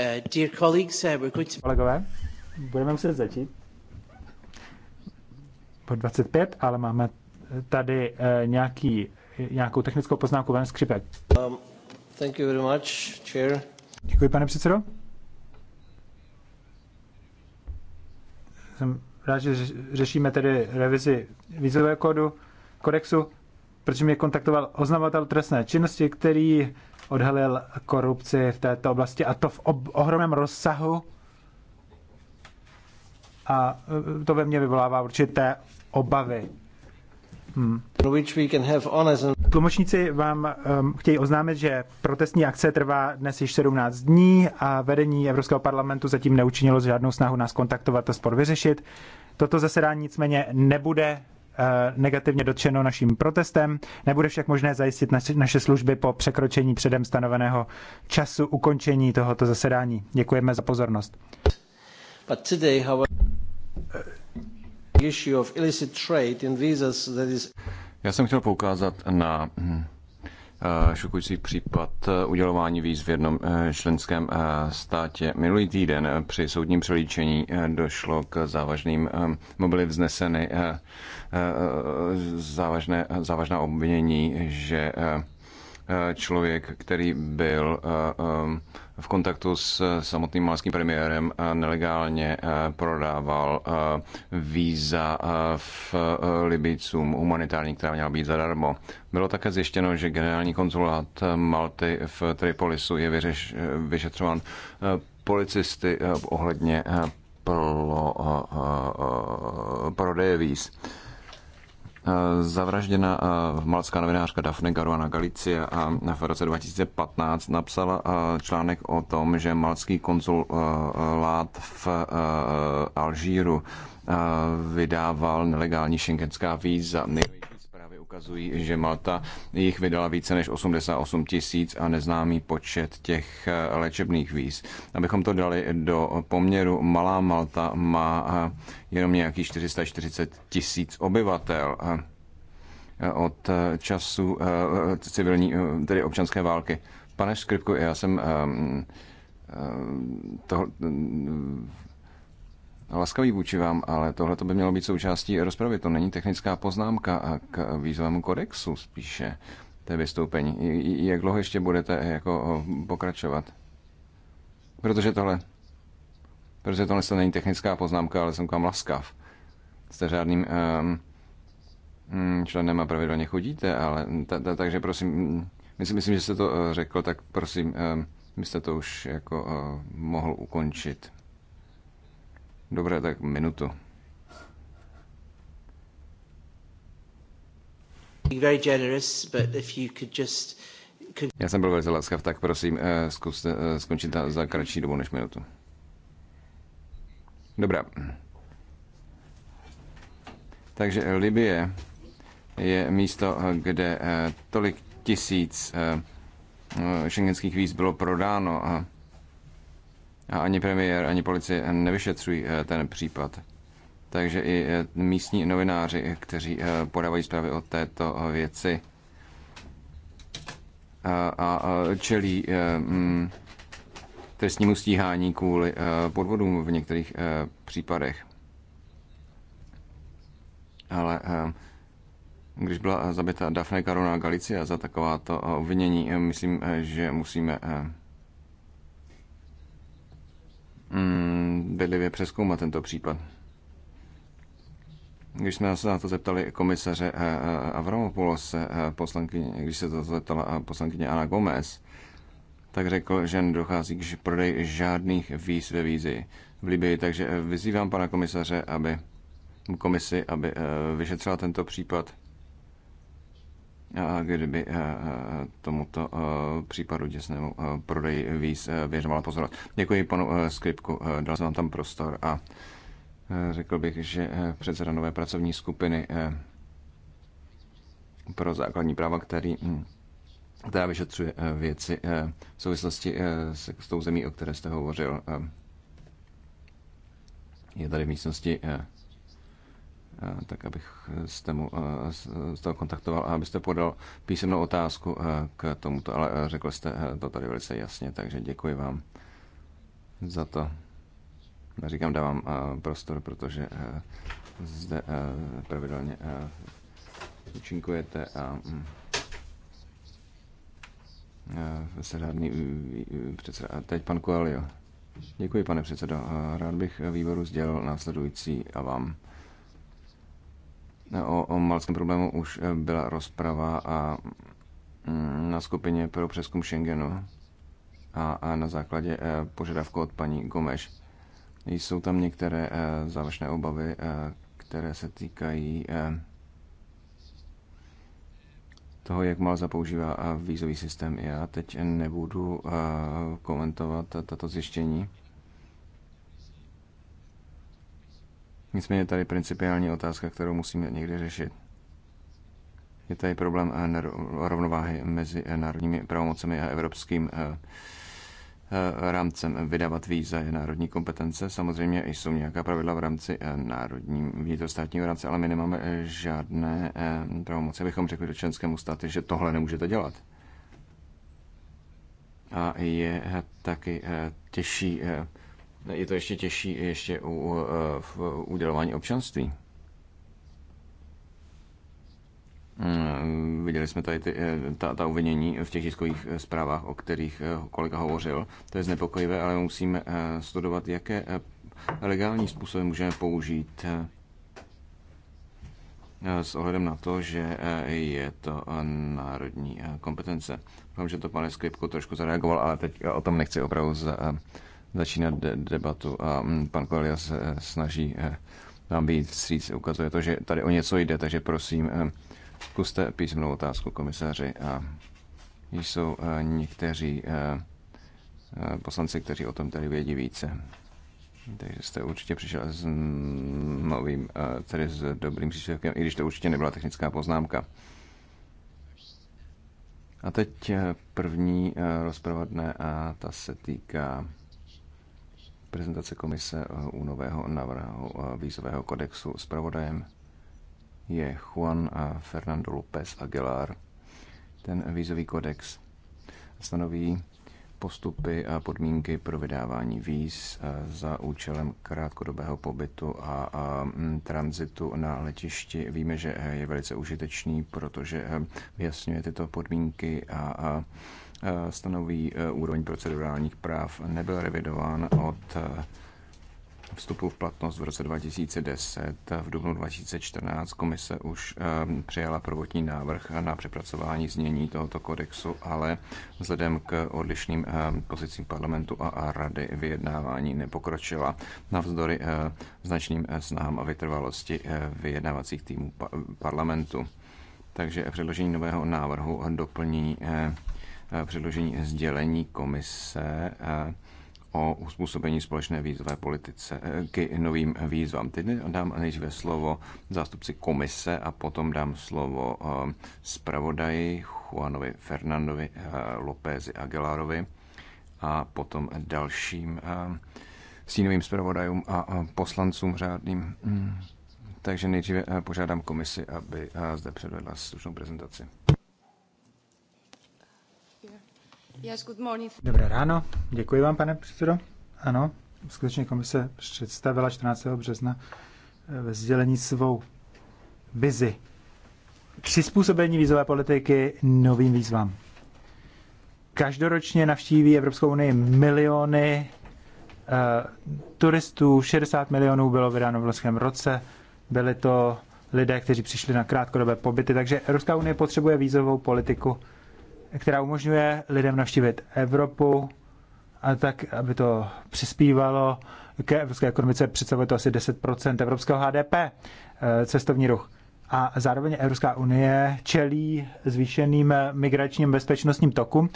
Eh, dear colleagues, uh, we're going to... Kolegové, budeme muset začít. Po 25, ale máme tady uh, nějaký, nějakou technickou poznámku Ven Skřipek. Um, thank you very much, chair. Děkuji, pane předsedo. Jsem rád, že řešíme tedy revizi vízového kodu, kodexu, protože mě kontaktoval oznamovatel trestné činnosti, který odhalil korupci v této oblasti a to v ob- ohromném rozsahu. A e, to ve mně vyvolává určité obavy. Hmm. Tlumočníci vám um, chtějí oznámit, že protestní akce trvá dnes již 17 dní a vedení Evropského parlamentu zatím neučinilo žádnou snahu nás kontaktovat a spor vyřešit. Toto zasedání nicméně nebude Eh, negativně dotčeno naším protestem. Nebude však možné zajistit naše služby po překročení předem stanoveného času ukončení tohoto zasedání. Děkujeme za pozornost. Já jsem chtěl poukázat na hm, Eh, šokující případ eh, udělování víz v jednom eh, členském státě. Minulý týden při soudním přelíčení došlo k závažným, byly vzneseny závažné, závažná obvinění, že Eh, člověk, který byl eh, v kontaktu s eh, samotným malským premiérem, nelegálně prodával víza v Libicům humanitární, která měla být zadarmo. Bylo také zjištěno, že generální konzulát Malty v Tripolisu je vyřeš, vyšetřován policisty ohledně pro, prodeje víz. Eh, zavražděna eh, malská novinářka Daphne Garuana Galicia a eh, v roce 2015 napsala článek o tom, že malský konzulát v Alžíru vydával nelegální šengenská víza ukazují, že Malta jich vydala více než 88 tisíc a neznámý počet těch eh, léčebných víz. Abychom to dali do poměru, malá Malta má eh, jenom nějakých 440 tisíc obyvatel eh, od času civilní, tedy občanské války. Pane Škripku, já jsem to, laskavý vůči vám, ale tohle by mělo být součástí rozpravy. To není technická poznámka k výzvému kodexu spíše té vystoupení. Jak dlouho ještě budete jako pokračovat? Protože tohle, protože tohle to není technická poznámka, ale jsem vám laskav. Jste řádným um, členem a pravidelně chodíte, ale ta, ta, takže prosím, myslím, myslím, že jste to e, řekl, tak prosím, um, ehm, byste to už jako uh, mohl ukončit. Dobré, tak minutu. Já jsem byl velice laskav, tak prosím, eh, zkuste eh, skončit za kratší dobu než minutu. Dobrá. Takže Libie je místo, kde eh, tolik tisíc šengenských víz bylo prodáno a a ani premiér, ani policie nevyšetřují eh, ten případ. Takže i eh, místní novináři, eh, kteří podávají zprávy o této věci a čelí mm, trestnímu stíhání kvůli podvodům v některých případech. Ale když byla zabita Daphne Karuna Galicia za takováto obvinění, myslím, že musíme Mm, bedlivě přeskoumat tento případ. Když jsme se na to zeptali komisaře eh, eh, Avramopoulos, eh, když se to zeptala poslankyně Ana Gomez, tak řekl, že nedochází k prodeji žádných víz ve vízi v Libii. Takže vyzývám pana komisaře, aby komisi, aby vyšetřila tento případ kdyby eh, eh, tomuto eh, případu děsnému prodeji víz věřovala pozorovat. Děkuji panu Skripku, dal jsem vám tam prostor a řekl bych, že předseda nové pracovní skupiny pro základní práva, který hm, která vyšetřuje věci v souvislosti s tou zemí, o které jste hovořil. Je tady v místnosti Eh, tak abych eh, s tému, eh, s toho kontaktoval a abyste podal písemnou otázku k tomuto, ale řekl jste to tady velice jasně, takže děkuji vám za to. Říkám, dávám prostor, protože zde pravidelně účinkujete a mm, se řádný předseda. A teď pan Koelio. Děkuji, pane předsedo. Rád bych výboru sdělil následující a vám. O, o malském problému už eh, byla rozprava a mm, na skupině pro přeskum Schengenu a, a na základě eh, požadavku od paní Gomeš. Jsou tam některé eh, závažné obavy, které se týkají toho, jak Malza používá vízový systém. Já teď nebudu komentovat tato zjištění. Nicméně tady principiální otázka, kterou musíme někdy řešit. Je tady problém eh, rovnováhy mezi eh, národními pravomocemi a evropským eh, rámcem vydávat víza je národní kompetence. Samozřejmě jsou nějaká pravidla v rámci národní vnitrostátního rámce, ale my nemáme žádné pravomoci, abychom řekli do členskému státu, že tohle nemůžete dělat. A je taky těžší je to ještě těžší ještě u, eh, v udělování občanství. Mm, viděli jsme tady ty, eh, ta, ta uvinění v těch tiskových eh, zprávách, o kterých kolega hovořil. To je znepokojivé, ale musíme studovat, jaké legální způsoby můžeme použít s ohledem na to, že je to národní kompetence. Doufám, že to pane Skripku trošku zareagoval, ale teď o tom nechci opravdu začínat debatu a mm, pan Kolia se eh, snaží eh, nám být vstříc. Ukazuje to, že tady o něco jde, takže prosím, eh, zkuste písemnou otázku komisaři. A jsou někteří poslanci, kteří o tom tady vědí více. Takže jste určitě přišel s novým, tedy s dobrým příspěvkem, i když to určitě nebyla technická poznámka. A teď první rozprava dne a ta se týká prezentace komise eh, u nového návrhu eh, vízového kodexu. pravodajem je Juan eh, Fernando López Aguilar. Ten vízový kodex stanoví postupy a podmínky pro vydávání víz za účelem krátkodobého pobytu a, a mm, tranzitu na letišti. Víme, že je velice užitečný, protože vyjasňuje tyto podmínky a, a Eh, stanoví eh, úroveň procedurálních práv, nebyl revidován od eh, vstupu v platnost v roce 2010. V dubnu 2014 komise už přijala prvotní návrh na přepracování znění tohoto kodexu, ale vzhledem k odlišným pozicím parlamentu a rady vyjednávání nepokročila. Navzdory značným snahám a vytrvalosti vyjednávacích týmů parlamentu. Takže předložení nového návrhu doplní Eh, předložení sdělení komise eh, o uspůsobení společné výzvové politice eh, k novým výzvám. Teď dám nejdříve slovo zástupci komise a potom dám slovo zpravodaji Juanovi Fernandovi Lopézi Aguilarovi a potom dalším stínovým zpravodajům a poslancům řádným. Hmm. Takže nejdříve požádám komisi, aby zde předvedla slušnou prezentaci. Dobré ráno, děkuji vám, pane předsedo. Ano, skutečně komise představila 14. března eh, ve sdělení svou vizi přizpůsobení vízové politiky novým výzvám. Každoročně navštíví Evropskou unii miliony uh, turistů, 60 milionů bylo vydáno v loňském roce, byli to lidé, kteří přišli na krátkodobé pobyty, takže Evropská unie potřebuje vízovou politiku, která umožňuje lidem navštívit Evropu, a tak, aby to přispívalo ke evropské ekonomice, představuje to asi 10% evropského HDP, eh, cestovní ruch. A zároveň Evropská unie čelí zvýšeným migračním bezpečnostním tokům,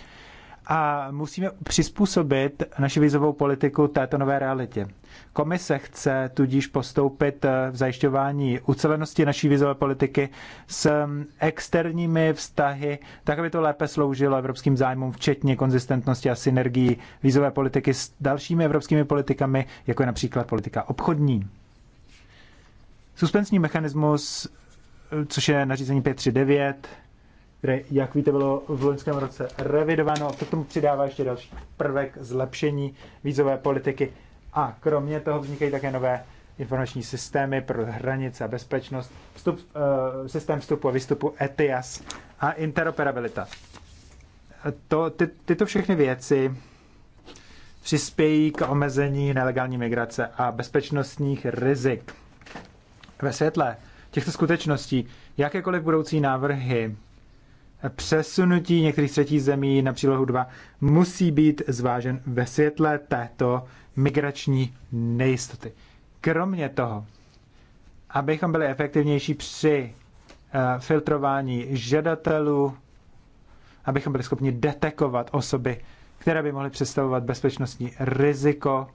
a musíme přizpůsobit naši vizovou politiku této nové realitě. Komise chce tudíž postoupit v zajišťování ucelenosti naší vizové politiky s um, externími vztahy, tak aby to lépe sloužilo evropským zájmům, včetně konzistentnosti a synergii vizové politiky s dalšími evropskými politikami, jako je například politika obchodní. Suspensní mechanismus, což je nařízení 539, které, jak víte, bylo v loňském roce revidováno a to tomu přidává ještě další prvek zlepšení vízové politiky. A kromě toho vznikají také nové informační systémy pro hranice a bezpečnost, vstup, uh, systém vstupu a výstupu ETIAS a interoperabilita. To, ty, tyto všechny věci přispějí k omezení nelegální migrace a bezpečnostních rizik. Ve světle těchto skutečností jakékoliv budoucí návrhy přesunutí některých třetí zemí na přílohu 2 musí být zvážen ve světle této migrační nejistoty. Kromě toho, abychom byli efektivnější při eh, filtrování žadatelů, abychom byli schopni detekovat osoby, které by mohly představovat bezpečnostní riziko.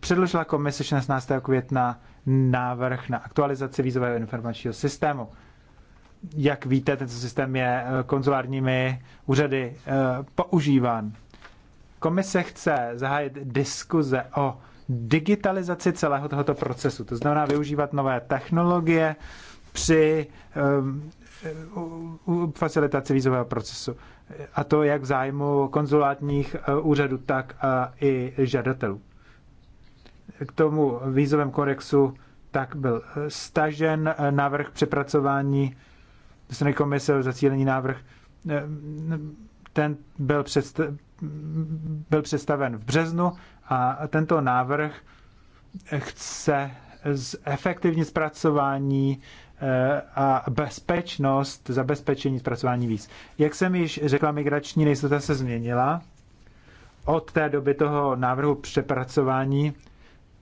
Předložila komise 16. května návrh na aktualizaci vízového informačního systému jak víte, tento systém je eh, konzulárními úřady eh, používán. Komise chce zahájit diskuze o digitalizaci celého tohoto procesu. To znamená využívat nové technologie při eh, facilitaci vízového procesu. A to jak v zájmu konzulátních úřadů, tak i žadatelů. K tomu vízovém kodexu tak byl stažen návrh přepracování ze strany komise zacílení návrh, eh, ten byl, představ, byl představen v březnu a tento návrh chce zefektivnit zpracování eh, a bezpečnost, zabezpečení zpracování víc. Jak jsem již řekla, migrační nejistota se změnila od té doby toho návrhu přepracování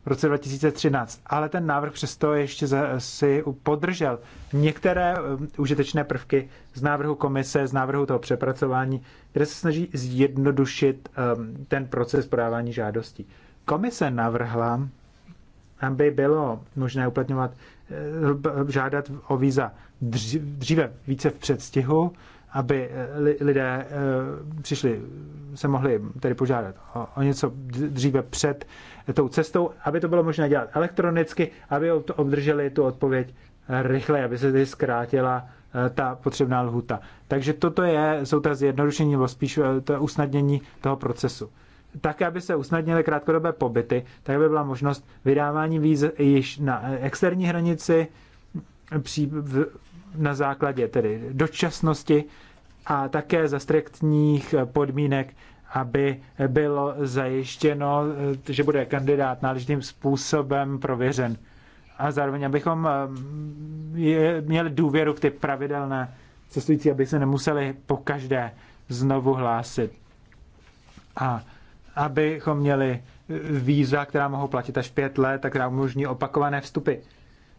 v roce 2013, ale ten návrh přesto ještě si podržel některé um, užitečné prvky z návrhu komise, z návrhu toho přepracování, které se snaží zjednodušit um, ten proces podávání žádostí. Komise navrhla, aby bylo možné uplatňovat, eh, žádat o víza dříve, více v předstihu, aby eh, lidé eh, přišli, se mohli tedy požádat o, o něco dříve před eh, tou cestou, aby to bylo možné dělat elektronicky, aby obdrželi tu odpověď rychle, aby se tedy zkrátila ta potřebná lhuta. Takže toto je, jsou ta zjednodušení nebo spíš to usnadnění toho procesu. Tak, aby se usnadnily krátkodobé pobyty, tak by byla možnost vydávání víz již na externí hranici, na základě tedy dočasnosti a také za striktních podmínek, aby bylo zajištěno, že bude kandidát náležitým způsobem prověřen. A zároveň, abychom eh, je, měli důvěru k ty pravidelné cestující, aby se nemuseli po každé znovu hlásit. A abychom měli víza, která mohou platit až pět let, tak která umožní opakované vstupy.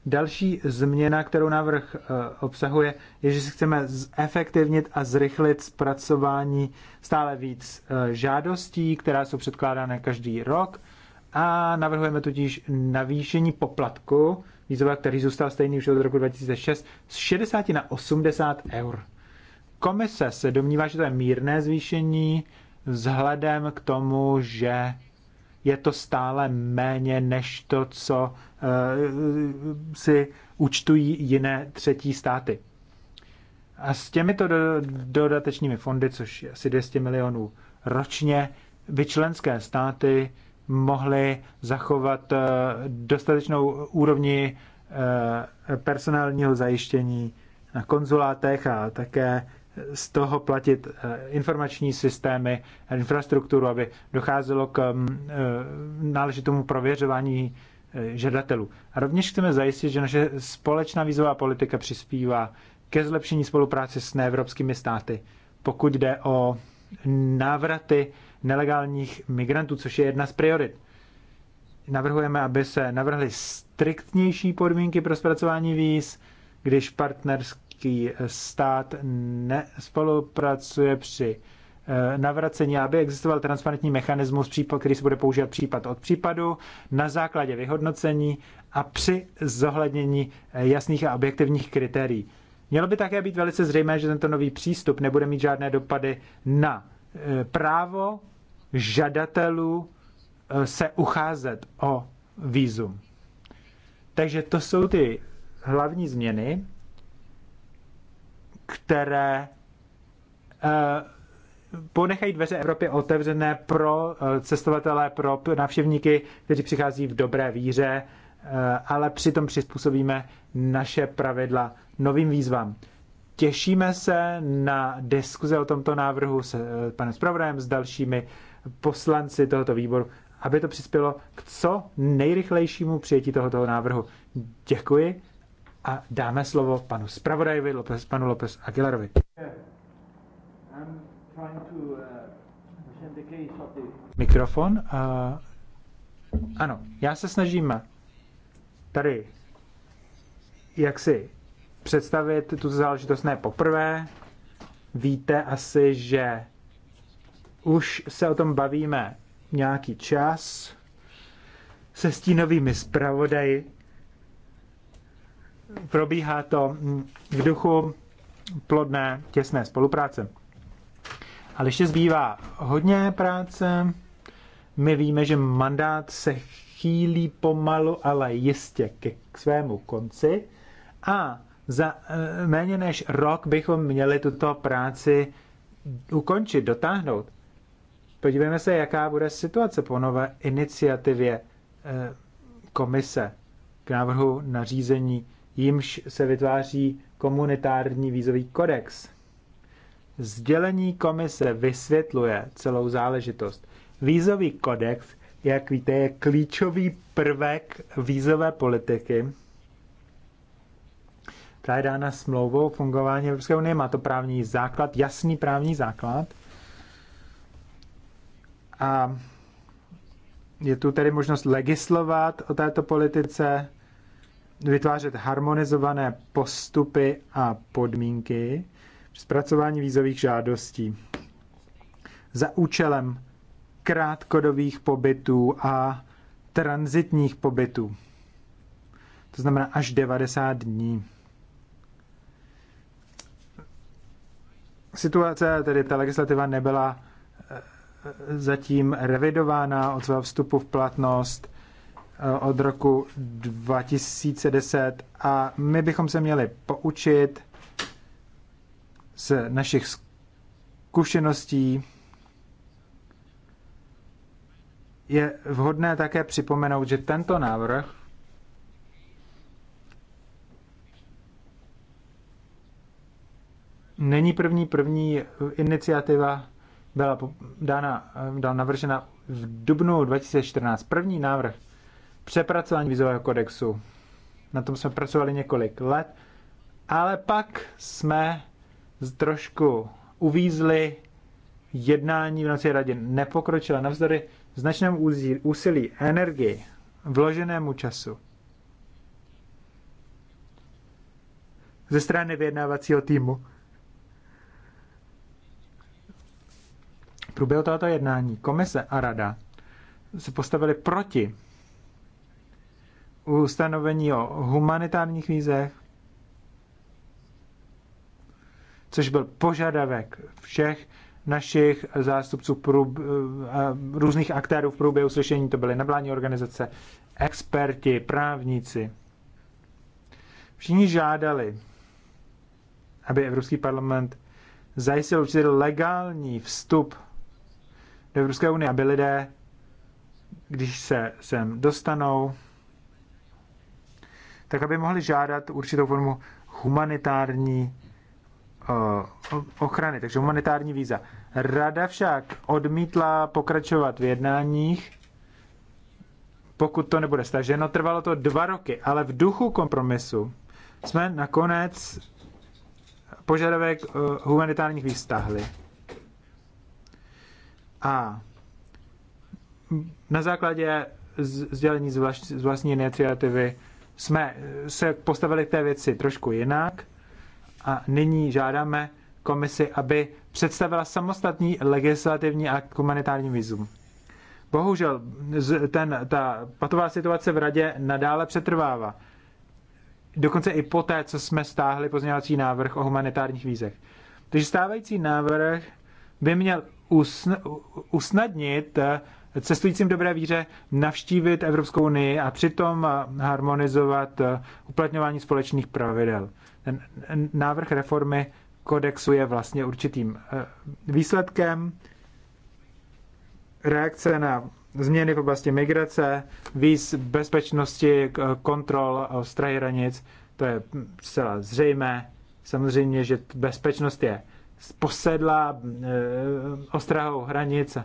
Další změna, kterou návrh eh, obsahuje, je, že si chceme zefektivnit a zrychlit zpracování stále víc eh, žádostí, která jsou předkládána každý rok a navrhujeme tudíž navýšení poplatku vízova, který zůstal stejný už od roku 2006, z 60 na 80 eur. Komise se domnívá, že to je mírné zvýšení vzhledem k tomu, že je to stále méně než to, co eh, si účtují jiné třetí státy. A s těmito dodatečnými fondy, což je asi 200 milionů ročně, by členské státy mohly zachovat eh, dostatečnou úrovni eh, personálního zajištění na konzulátech a také z toho platit eh, informační systémy, infrastrukturu, aby docházelo k mm, eh, náležitému prověřování eh, žadatelů. A rovněž chceme zajistit, že naše společná vízová politika přispívá ke zlepšení spolupráce s neevropskými státy, pokud jde o návraty nelegálních migrantů, což je jedna z priorit. Navrhujeme, aby se navrhly striktnější podmínky pro zpracování víz, když partnerské členský stát nespolupracuje při eh, navracení, aby existoval transparentní mechanismus, který se bude používat případ od případu na základě vyhodnocení a při zohlednění eh, jasných a objektivních kritérií. Mělo by také být velice zřejmé, že tento nový přístup nebude mít žádné dopady na eh, právo žadatelů se ucházet o vízum. Takže to jsou ty hlavní změny, které eh, ponechají dveře Evropy otevřené pro eh, cestovatele, pro návštěvníky, kteří přichází v dobré víře, eh, ale přitom přizpůsobíme naše pravidla novým výzvám. Těšíme se na diskuze o tomto návrhu s panem Spravodajem, s dalšími poslanci tohoto výboru, aby to přispělo k co nejrychlejšímu přijetí tohoto návrhu. Děkuji a dáme slovo panu zpravodajovi Lopez, panu Lopez Aguilarovi. Uh, Mikrofon. A... Uh, ano, já se snažím tady jak si představit tu záležitost ne poprvé. Víte asi, že už se o tom bavíme nějaký čas se stínovými zpravodaji probíhá to v duchu plodné, těsné spolupráce. Ale ještě zbývá hodně práce. My víme, že mandát se chýlí pomalu, ale jistě ke k svému konci. A za eh, méně než rok bychom měli tuto práci ukončit, dotáhnout. Podívejme se, jaká bude situace po nové iniciativě eh, komise k návrhu nařízení jimž se vytváří komunitární vízový kodex. Sdělení komise vysvětluje celou záležitost. Vízový kodex, jak víte, je klíčový prvek vízové politiky. Ta je dána smlouvou o fungování Evropské unie, má to právní základ, jasný právní základ. A je tu tedy možnost legislovat o této politice, vytvářet harmonizované postupy a podmínky při zpracování vízových žádostí za účelem krátkodobých pobytů a transitních pobytů. To znamená až 90 dní. Situace, tedy ta legislativa nebyla eh, zatím revidována od svého vstupu v platnost Eh, od roku 2010 a my bychom se měli poučit z našich zkušeností. Je vhodné také připomenout, že tento návrh není první první iniciativa byla dána, eh, byla navržena v dubnu 2014. První návrh přepracování vizového kodexu. Na tom jsme pracovali několik let, ale pak jsme trošku uvízli jednání v noci radě nepokročila navzdory značnému úsilí, energii, vloženému času. Ze strany vyjednávacího týmu. V průběhu tohoto jednání komise a rada se postavili proti ustanovení o humanitárních vízech, což byl požadavek všech našich zástupců průb, různých aktérů v průběhu slyšení, to byly nevládní organizace, experti, právníci. Všichni žádali, aby Evropský parlament zajistil určitě legální vstup do Evropské unie, aby lidé, když se sem dostanou, tak aby mohli žádat určitou formu humanitární eh, ochrany, takže humanitární víza. Rada však odmítla pokračovat v jednáních, pokud to nebude staženo. Trvalo to dva roky, ale v duchu kompromisu jsme nakonec požadavek eh, humanitárních víz stahli. A na základě sdělení z, vlastní iniciativy jsme se postavili k té věci trošku jinak a nyní žádáme komisi, aby představila samostatný legislativní akt k humanitárním vízum. Bohužel ten, ta patová situace v radě nadále přetrvává. Dokonce i poté, co jsme stáhli pozměňovací návrh o humanitárních vízech. Takže stávající návrh by měl usn- usnadnit cestujícím dobré víře navštívit Evropskou unii a přitom harmonizovat eh, uplatňování společných pravidel. Ten návrh reformy kodexu je vlastně určitým eh, výsledkem reakce na změny v oblasti migrace, víz bezpečnosti, eh, kontrol ostrahy hranic, to je hm, zcela zřejmé. Samozřejmě, že bezpečnost je posedla ostrahou hranic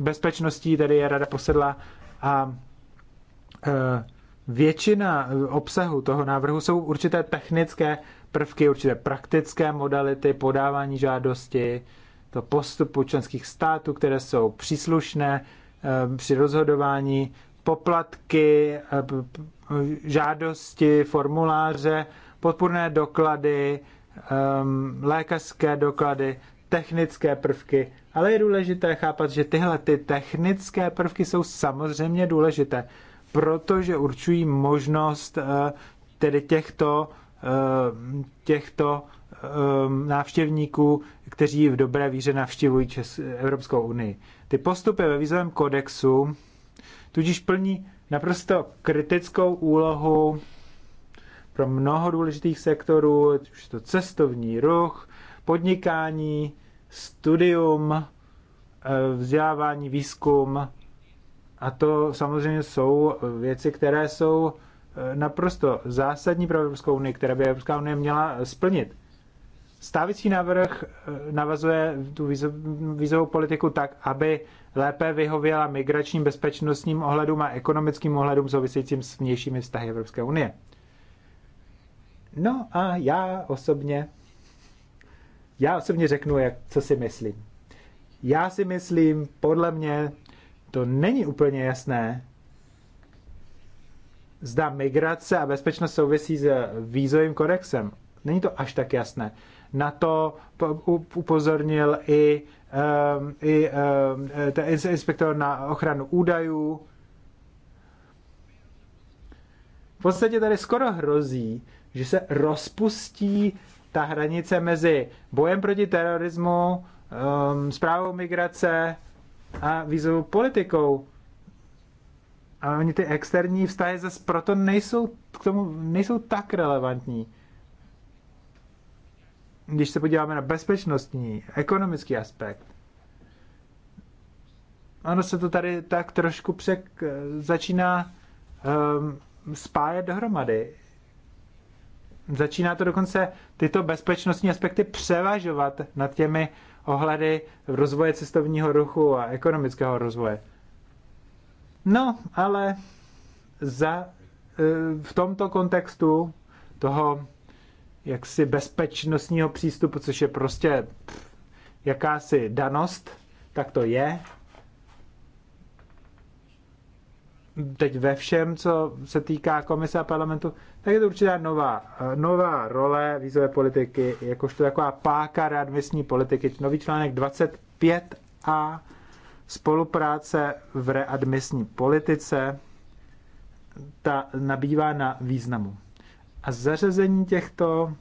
bezpečností, tedy je rada posedla a e, většina obsahu toho návrhu jsou určité technické prvky, určité praktické modality podávání žádosti, to postupu členských států, které jsou příslušné e, při rozhodování, poplatky, e, žádosti, formuláře, podpůrné doklady, lékařské doklady, technické prvky ale je důležité chápat, že tyhle ty technické prvky jsou samozřejmě důležité, protože určují možnost eh, tedy těchto, eh, těchto eh, návštěvníků, kteří v dobré víře navštěvují Evropskou unii. Ty postupy ve vízovém kodexu tudíž plní naprosto kritickou úlohu pro mnoho důležitých sektorů, už to cestovní ruch, podnikání, studium, eh, vzdělávání, výzkum. A to samozřejmě jsou věci, které jsou eh, naprosto zásadní pro Evropskou unii, které by Evropská unie měla splnit. Stávicí návrh eh, navazuje tu vízovou politiku tak, aby lépe vyhověla migračním bezpečnostním ohledům a ekonomickým ohledům souvisejícím s vnějšími vztahy Evropské unie. No a já osobně já osobně řeknu, jak, co si myslím. Já si myslím, podle mě to není úplně jasné, zda migrace a bezpečnost souvisí s vízovým kodexem. Není to až tak jasné. Na to upozornil i, um, i um, ten inspektor na ochranu údajů. V podstatě tady skoro hrozí, že se rozpustí ta hranice mezi bojem proti terorismu, um, zprávou migrace a vízovou politikou. A oni ty externí vztahy zase proto nejsou, k tomu nejsou tak relevantní. Když se podíváme na bezpečnostní, ekonomický aspekt, ono se to tady tak trošku přek, začíná um, spájet dohromady začíná to dokonce tyto bezpečnostní aspekty převažovat nad těmi ohledy rozvoje cestovního ruchu a ekonomického rozvoje. No, ale za, e, v tomto kontextu toho jaksi bezpečnostního přístupu, což je prostě jakási danost, tak to je. teď ve všem, co se týká komise a parlamentu, tak je to určitá nová, eh, nová role vízové politiky, jakožto taková páka readmisní politiky, nový článek 25a, spolupráce v readmisní politice, ta nabývá na významu. A zařazení těchto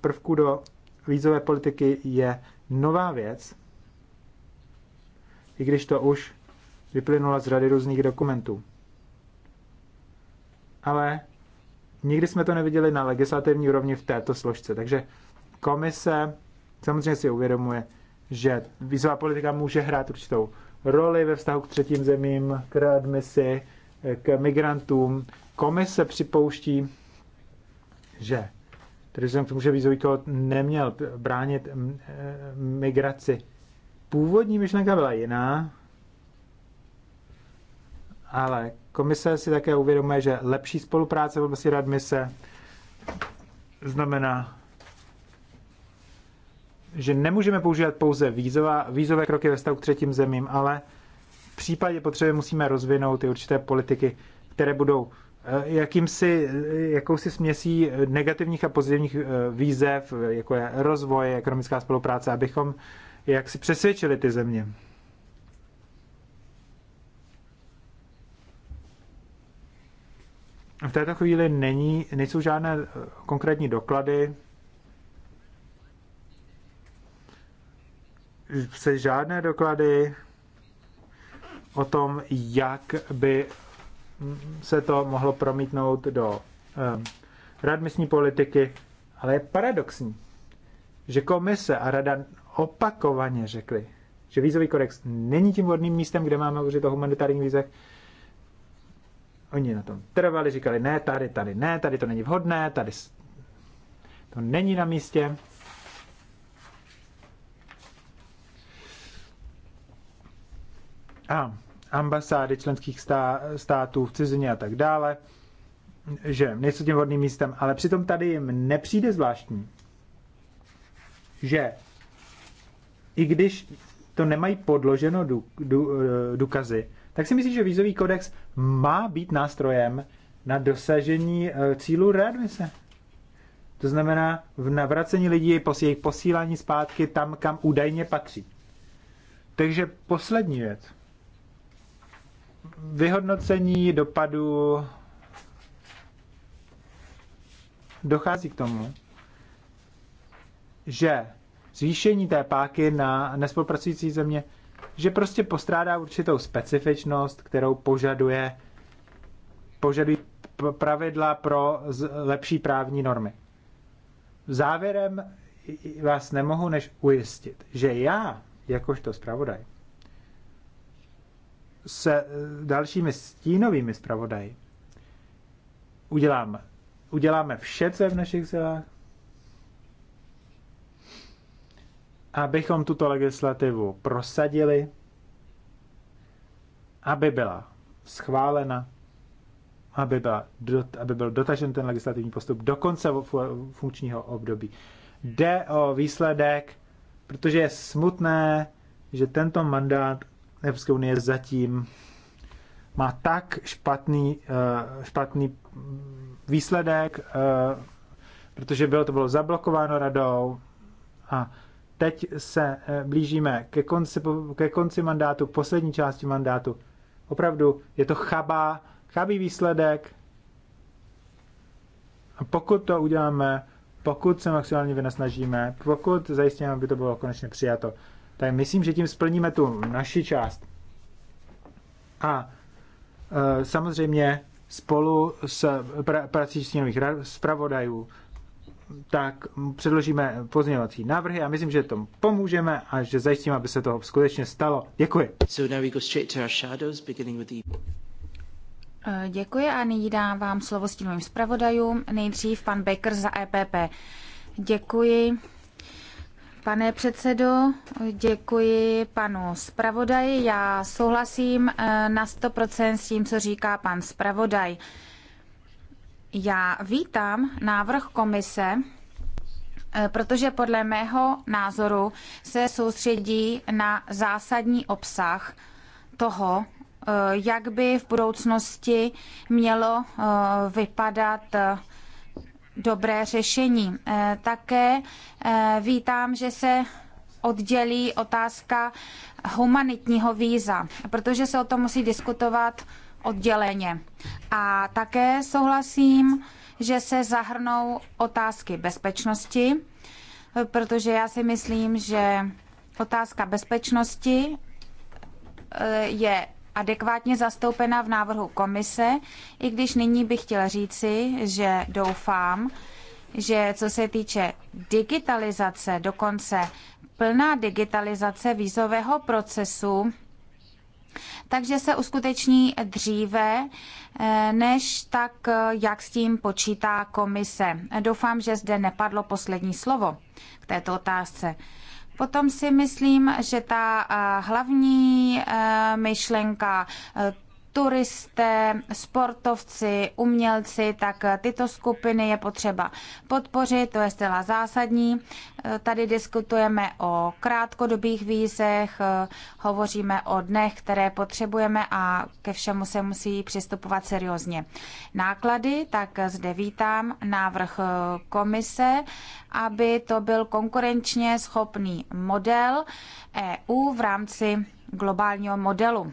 prvků do vízové politiky je nová věc, i když to už vyplynulo z rady různých dokumentů ale nikdy jsme to neviděli na legislativní úrovni v této složce. Takže komise samozřejmě si uvědomuje, že vízová politika může hrát určitou roli ve vztahu k třetím zemím, k readmisi, k migrantům. Komise připouští, že tedy jsem k tomu, že vízový kód neměl bránit eh, migraci. Původní myšlenka byla jiná, ale komise si také uvědomuje, že lepší spolupráce v oblasti readmise znamená, že nemůžeme používat pouze vízová, vízové kroky ve vztahu k třetím zemím, ale v případě potřeby musíme rozvinout ty určité politiky, které budou eh, jakýmsi, eh, jakousi směsí negativních a pozitivních eh, výzev, jako je rozvoj, ekonomická spolupráce, abychom jak si přesvědčili ty země. v této chvíli není, nejsou žádné eh, konkrétní doklady, se žádné doklady o tom, jak by se to mohlo promítnout do um, eh, radmisní politiky, ale je paradoxní, že komise a rada opakovaně řekly, že vízový kodex není tím vhodným místem, kde máme hovořit o humanitárních vízech, Oni na tom trvali, říkali ne, tady, tady, ne, tady to není vhodné, tady to není na místě. A ambasády členských stá, států v cizině a tak dále, že nejsou tím vhodným místem, ale přitom tady jim nepřijde zvláštní, že i když to nemají podloženo e, důkazy, tak si myslím, že vízový kodex má být nástrojem na dosažení eh, cílu readmise. To znamená v navracení lidí, jejich posílání zpátky tam, kam údajně patří. Takže poslední věc. Vyhodnocení dopadu dochází k tomu, že zvýšení té páky na nespolupracující země že prostě postrádá určitou specifičnost, kterou požaduje požadují pravidla pro lepší právní normy. Závěrem vás nemohu než ujistit, že já, jakožto zpravodaj, se e, dalšími stínovými zpravodaji udělám, uděláme vše, co je v našich silách, abychom tuto legislativu prosadili, aby byla schválena, aby, byla, aby byl dotažen ten legislativní postup do konce funkčního období. Jde o výsledek, protože je smutné, že tento mandát Evropské unie zatím má tak špatný, eh, špatný výsledek, eh, protože bylo to bylo zablokováno radou a Teď se eh, blížíme ke konci, ke konci mandátu, poslední části mandátu. Opravdu je to chabá, chabý výsledek. A pokud to uděláme, pokud se maximálně vynasnažíme, pokud zajistíme, aby to bylo konečně přijato, tak myslím, že tím splníme tu naši část. A e, samozřejmě spolu s pr- prací stínových zpravodajů, tak předložíme pozměňovací návrhy a myslím, že tomu pomůžeme a že zajistíme, aby se toho skutečně stalo. Děkuji. So now we go straight to our shadows, beginning with the... Eh, děkuji a nyní dávám slovo s tím zpravodajům. Nejdřív pan Becker za EPP. Děkuji. Pane předsedo, děkuji panu zpravodaji. Já souhlasím eh, na 100% s tím, co říká pan zpravodaj. Já vítám návrh komise, eh, protože podle mého názoru se soustředí na zásadní obsah toho, eh, jak by v budoucnosti mělo eh, vypadat dobré řešení. Také vítám, že se oddělí otázka humanitního víza, protože se o tom musí diskutovat odděleně. A také souhlasím, že se zahrnou otázky bezpečnosti, protože já si myslím, že otázka bezpečnosti eh, je adekvátně zastoupena v návrhu komise, i když nyní bych chtěla říci, že doufám, že co se týče digitalizace, dokonce plná digitalizace vízového procesu, takže se uskuteční dříve, eh, než tak, eh, jak s tím počítá komise. Doufám, že zde nepadlo poslední slovo k této otázce. Potom si myslím, že ta eh, hlavní myšlenka turisté, sportovci, umělci, tak tyto skupiny je potřeba podpořit, to je zcela zásadní. Tady diskutujeme o krátkodobých vízech, hovoříme o dnech, které potřebujeme a ke všemu se musí přistupovat seriózně. Náklady, tak zde vítám návrh komise, aby to byl konkurenčně schopný model EU v rámci globálního modelu.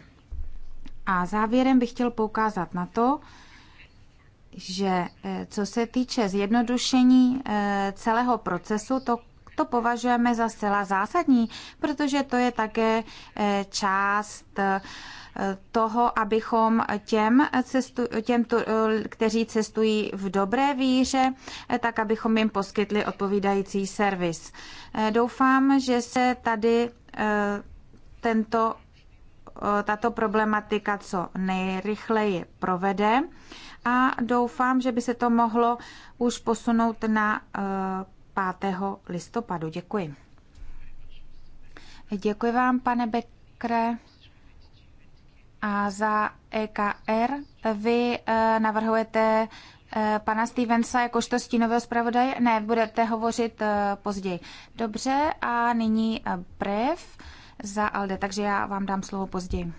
A závěrem bych chtěl poukázat na to, že eh, co se týče zjednodušení eh, celého procesu, to to považujeme za zcela zásadní, protože to je také eh, část toho, abychom těm, cestu, těm kteří cestují v dobré víře, tak abychom jim poskytli odpovídající servis. Doufám, že se tady tento Eh, tato problematika co nejrychleji provede a doufám, že by se to mohlo už posunout na 5. Eh, listopadu. Děkuji. Děkuji vám, pane Bekre. A za EKR vy eh, navrhujete pana Stevensa jakožto stínového zpravodaje? Ne, budete hovořit později. Dobře, a nyní brev za ALDE, takže já vám dám slovo později.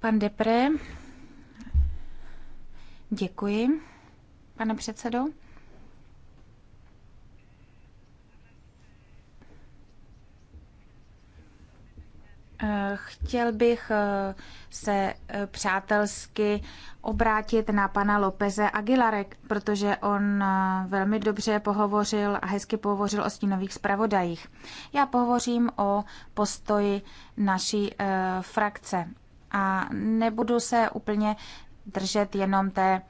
Pan Depre, děkuji, pane předsedo. Chtěl bych eh, se eh, přátelsky obrátit na pana Lopeze Aguilarek, protože on eh, velmi dobře pohovořil a hezky pohovořil o stínových zpravodajích. Já pohovořím o postoji naší frakce a nebudu se úplně držet jenom té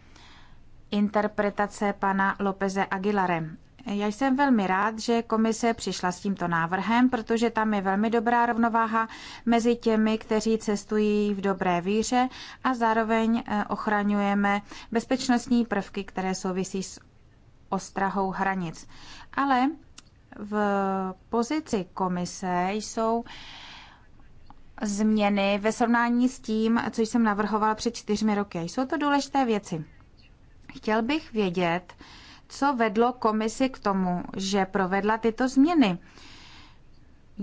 interpretace pana Lopeze Aguilarem. Já jsem velmi rád, že komise přišla s tímto návrhem, protože tam je velmi dobrá rovnováha mezi těmi, kteří cestují v dobré víře a zároveň eh, ochraňujeme bezpečnostní prvky, které souvisí s ostrahou hranic. Ale v pozici komise jsou změny ve srovnání s tím, co jsem navrhovala před čtyřmi roky. Jsou to důležité věci. Chtěl bych vědět, co vedlo komisi k tomu, že provedla tyto změny.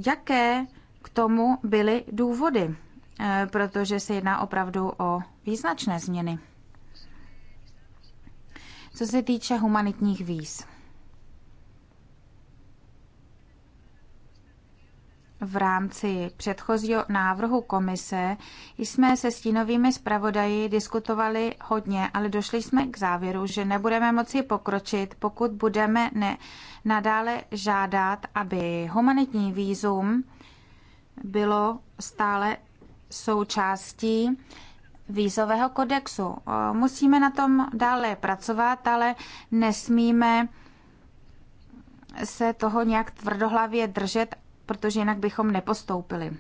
Jaké k tomu byly důvody? Eh, protože se jedná opravdu o význačné změny. Co se týče humanitních víz. v rámci předchozího návrhu komise jsme se stínovými zpravodaji diskutovali hodně, ale došli jsme k závěru, že nebudeme moci pokročit, pokud budeme ne, nadále žádat, aby humanitní výzum bylo stále součástí výzového kodexu. Musíme na tom dále pracovat, ale nesmíme se toho nějak tvrdohlavě držet protože jinak bychom nepostoupili.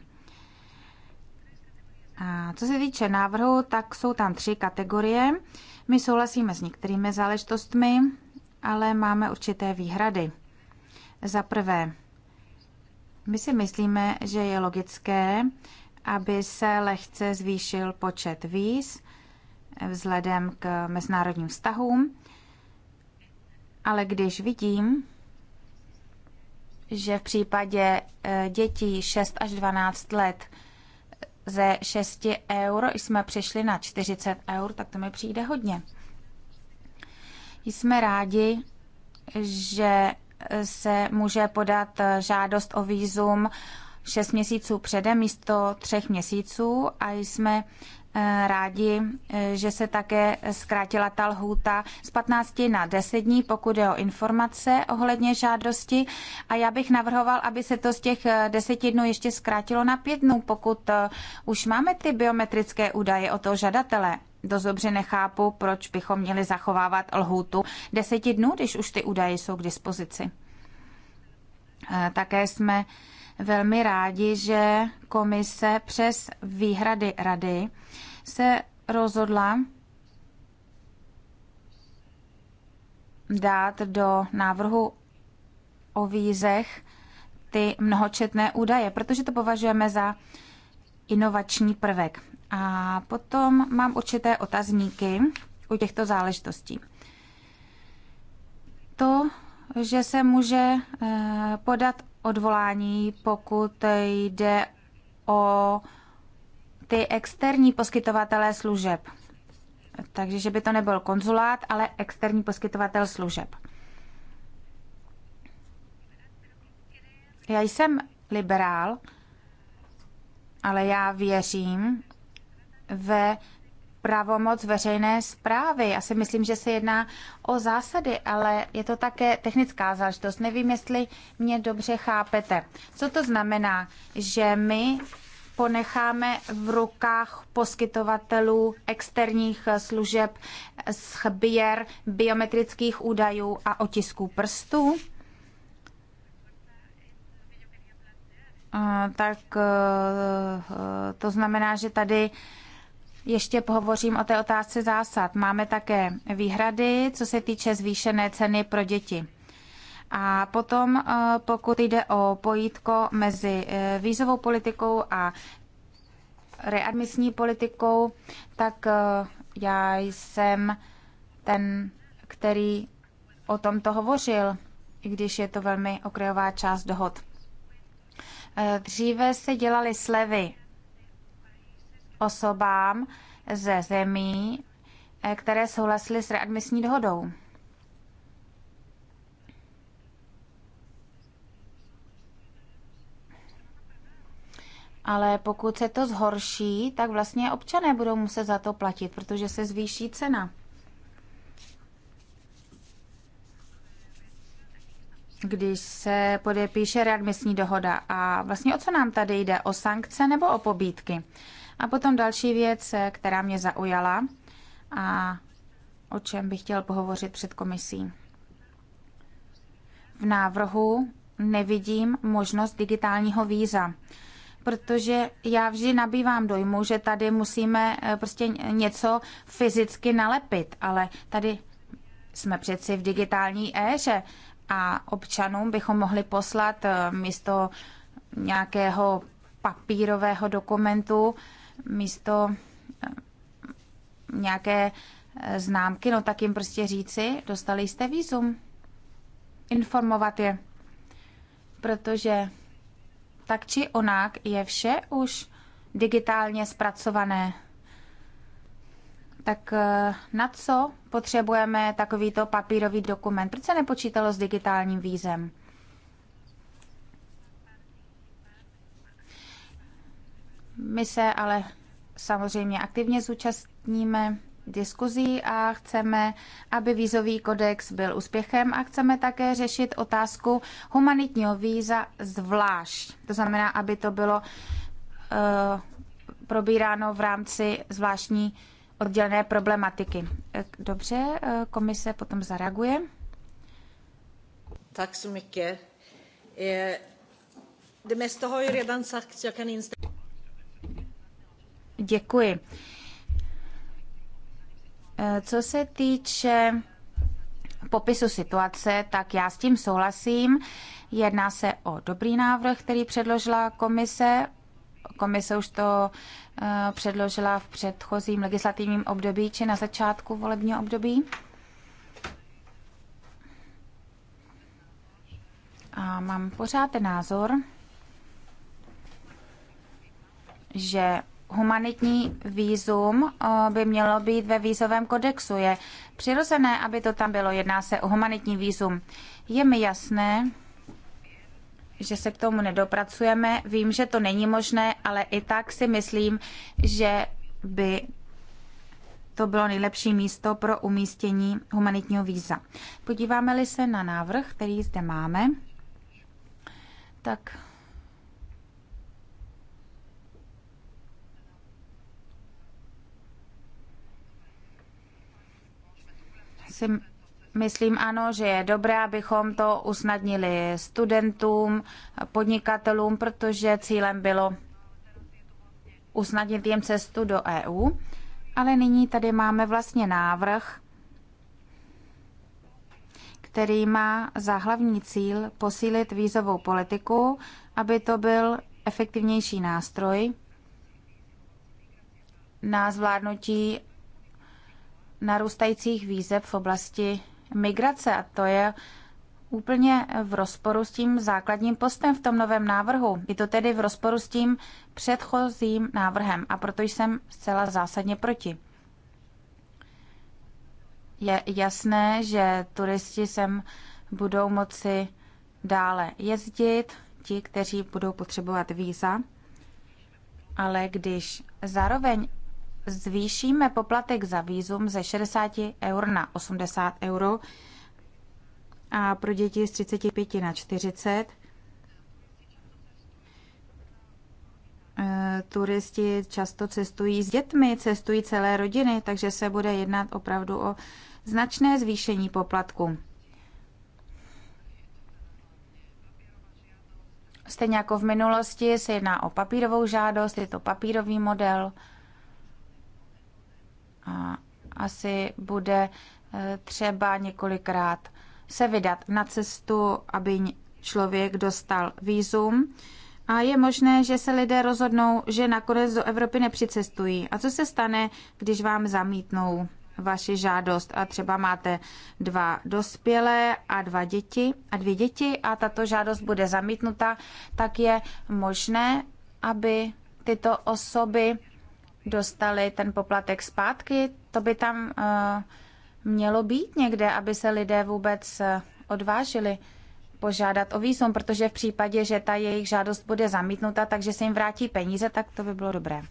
A co se týče návrhu, tak jsou tam tři kategorie. My souhlasíme s některými záležitostmi, ale máme určité výhrady. Za prvé, my si myslíme, že je logické, aby se lehce zvýšil počet víz vzhledem k mezinárodním vztahům, ale když vidím, že v případě eh, dětí 6 až 12 let ze 6 eur jsme přišli na 40 eur, tak to mi přijde hodně. Jsme rádi, že eh, se může podat eh, žádost o výzum 6 měsíců předem místo 3 měsíců a jsme rádi, eh, že se také zkrátila ta lhůta z 15 na 10 dní, pokud je o informace ohledně žádosti. A já bych navrhoval, aby se to z těch 10 eh, dnů ještě zkrátilo na 5 dnů, pokud eh, už máme ty biometrické údaje o toho žadatele. Dost dobře nechápu, proč bychom měli zachovávat lhůtu 10 dnů, když už ty údaje jsou k dispozici. Také jsme velmi rádi, že komise přes výhrady rady se rozhodla dát do návrhu o vízech ty mnohočetné údaje, protože to považujeme za inovační prvek. A potom mám určité otazníky u těchto záležitostí. To, že se může eh, podat odvolání, pokud jde o ty externí poskytovatelé služeb. Takže, že by to nebyl konzulát, ale externí poskytovatel služeb. Já jsem liberál, ale já věřím ve pravomoc veřejné zprávy. Já si myslím, že se jedná o zásady, ale je to také technická záležitost. Nevím, jestli mě dobře chápete. Co to znamená, že my ponecháme v rukách poskytovatelů externích služeb sběr biometrických údajů a otisků prstů? Tak e, e, to znamená, že tady ještě pohovořím o té otázce zásad. Máme také výhrady, co se týče zvýšené ceny pro děti. A potom, eh, pokud jde o pojítko mezi eh, vízovou politikou a readmisní politikou, tak eh, já jsem ten, který o tomto hovořil, i když je to velmi okrajová část dohod. Dříve se dělaly slevy osobám ze zemí, které souhlasily s readmisní dohodou. Ale pokud se to zhorší, tak vlastně občané budou muset za to platit, protože se zvýší cena. Když se podepíše readmisní dohoda a vlastně o co nám tady jde? O sankce nebo o pobídky? A potom další věc, která mě zaujala a o čem bych chtěl pohovořit před komisí. V návrhu nevidím možnost digitálního víza protože já vždy nabývám dojmu, že tady musíme eh, prostě něco fyzicky nalepit, ale tady jsme přeci v digitální éře a občanům bychom mohli poslat eh, místo nějakého papírového dokumentu, místo eh, nějaké známky, no tak jim prostě říci, dostali jste výzum. Informovat je. Protože tak či onak je vše už digitálně zpracované. Tak eh, na co potřebujeme takovýto papírový dokument? Proč se nepočítalo s digitálním vízem? My se ale samozřejmě aktivně zúčastníme diskuzí a chceme, aby vízový kodex byl úspěchem a chceme také řešit otázku humanitního víza zvlášť. To znamená, aby to bylo eh, probíráno v rámci zvláštní oddělené problematiky. Dobře, eh, komise potom zareaguje. Tak so mycket. Det mesta har ju redan sagts, jag kan Děkuji. Co se týče popisu situace, tak já s tím souhlasím. Jedná se o dobrý návrh, který předložila komise. Komise už to eh, předložila v předchozím legislativním období či na začátku volebního období. A mám pořád ten názor, že humanitní výzum eh, by mělo být ve výzovém kodexu. Je přirozené, aby to tam bylo. Jedná se o humanitní výzum. Je mi jasné, že se k tomu nedopracujeme. Vím, že to není možné, ale i tak si myslím, že by to bylo nejlepší místo pro umístění humanitního víza. Podíváme-li se na návrh, který zde máme, tak si myslím ano, že je dobré, abychom to usnadnili studentům, podnikatelům, protože cílem bylo usnadnit jim cestu do EU. Ale nyní tady máme vlastně návrh, který má za hlavní cíl posílit vízovou politiku, aby to byl efektivnější nástroj na zvládnutí narůstajících výzev v oblasti migrace a to je úplně v rozporu s tím základním postem v tom novém návrhu. Je to tedy v rozporu s tím předchozím návrhem a proto jsem zcela zásadně proti. Je jasné, že turisti sem budou moci dále jezdit, ti, kteří budou potřebovat víza, ale když zároveň zvýšíme poplatek za výzum ze 60 eur na 80 eur a pro děti z 35 na 40. E, turisti často cestují s dětmi, cestují celé rodiny, takže se bude jednat opravdu o značné zvýšení poplatku. Stejně jako v minulosti se jedná o papírovou žádost, je to papírový model asi bude eh, třeba několikrát se vydat na cestu, aby člověk dostal výzum. A je možné, že se lidé rozhodnou, že nakonec do Evropy nepřicestují. A co se stane, když vám zamítnou vaši žádost a třeba máte dva dospělé a dva děti a dvě děti a tato žádost bude zamítnuta, tak je možné, aby tyto osoby dostali ten poplatek zpátky. To by tam eh, mělo být někde, aby se lidé vůbec eh, odvážili požádat o výzum, protože v případě, že ta jejich žádost bude zamítnuta, takže se jim vrátí peníze, tak to by bylo dobré.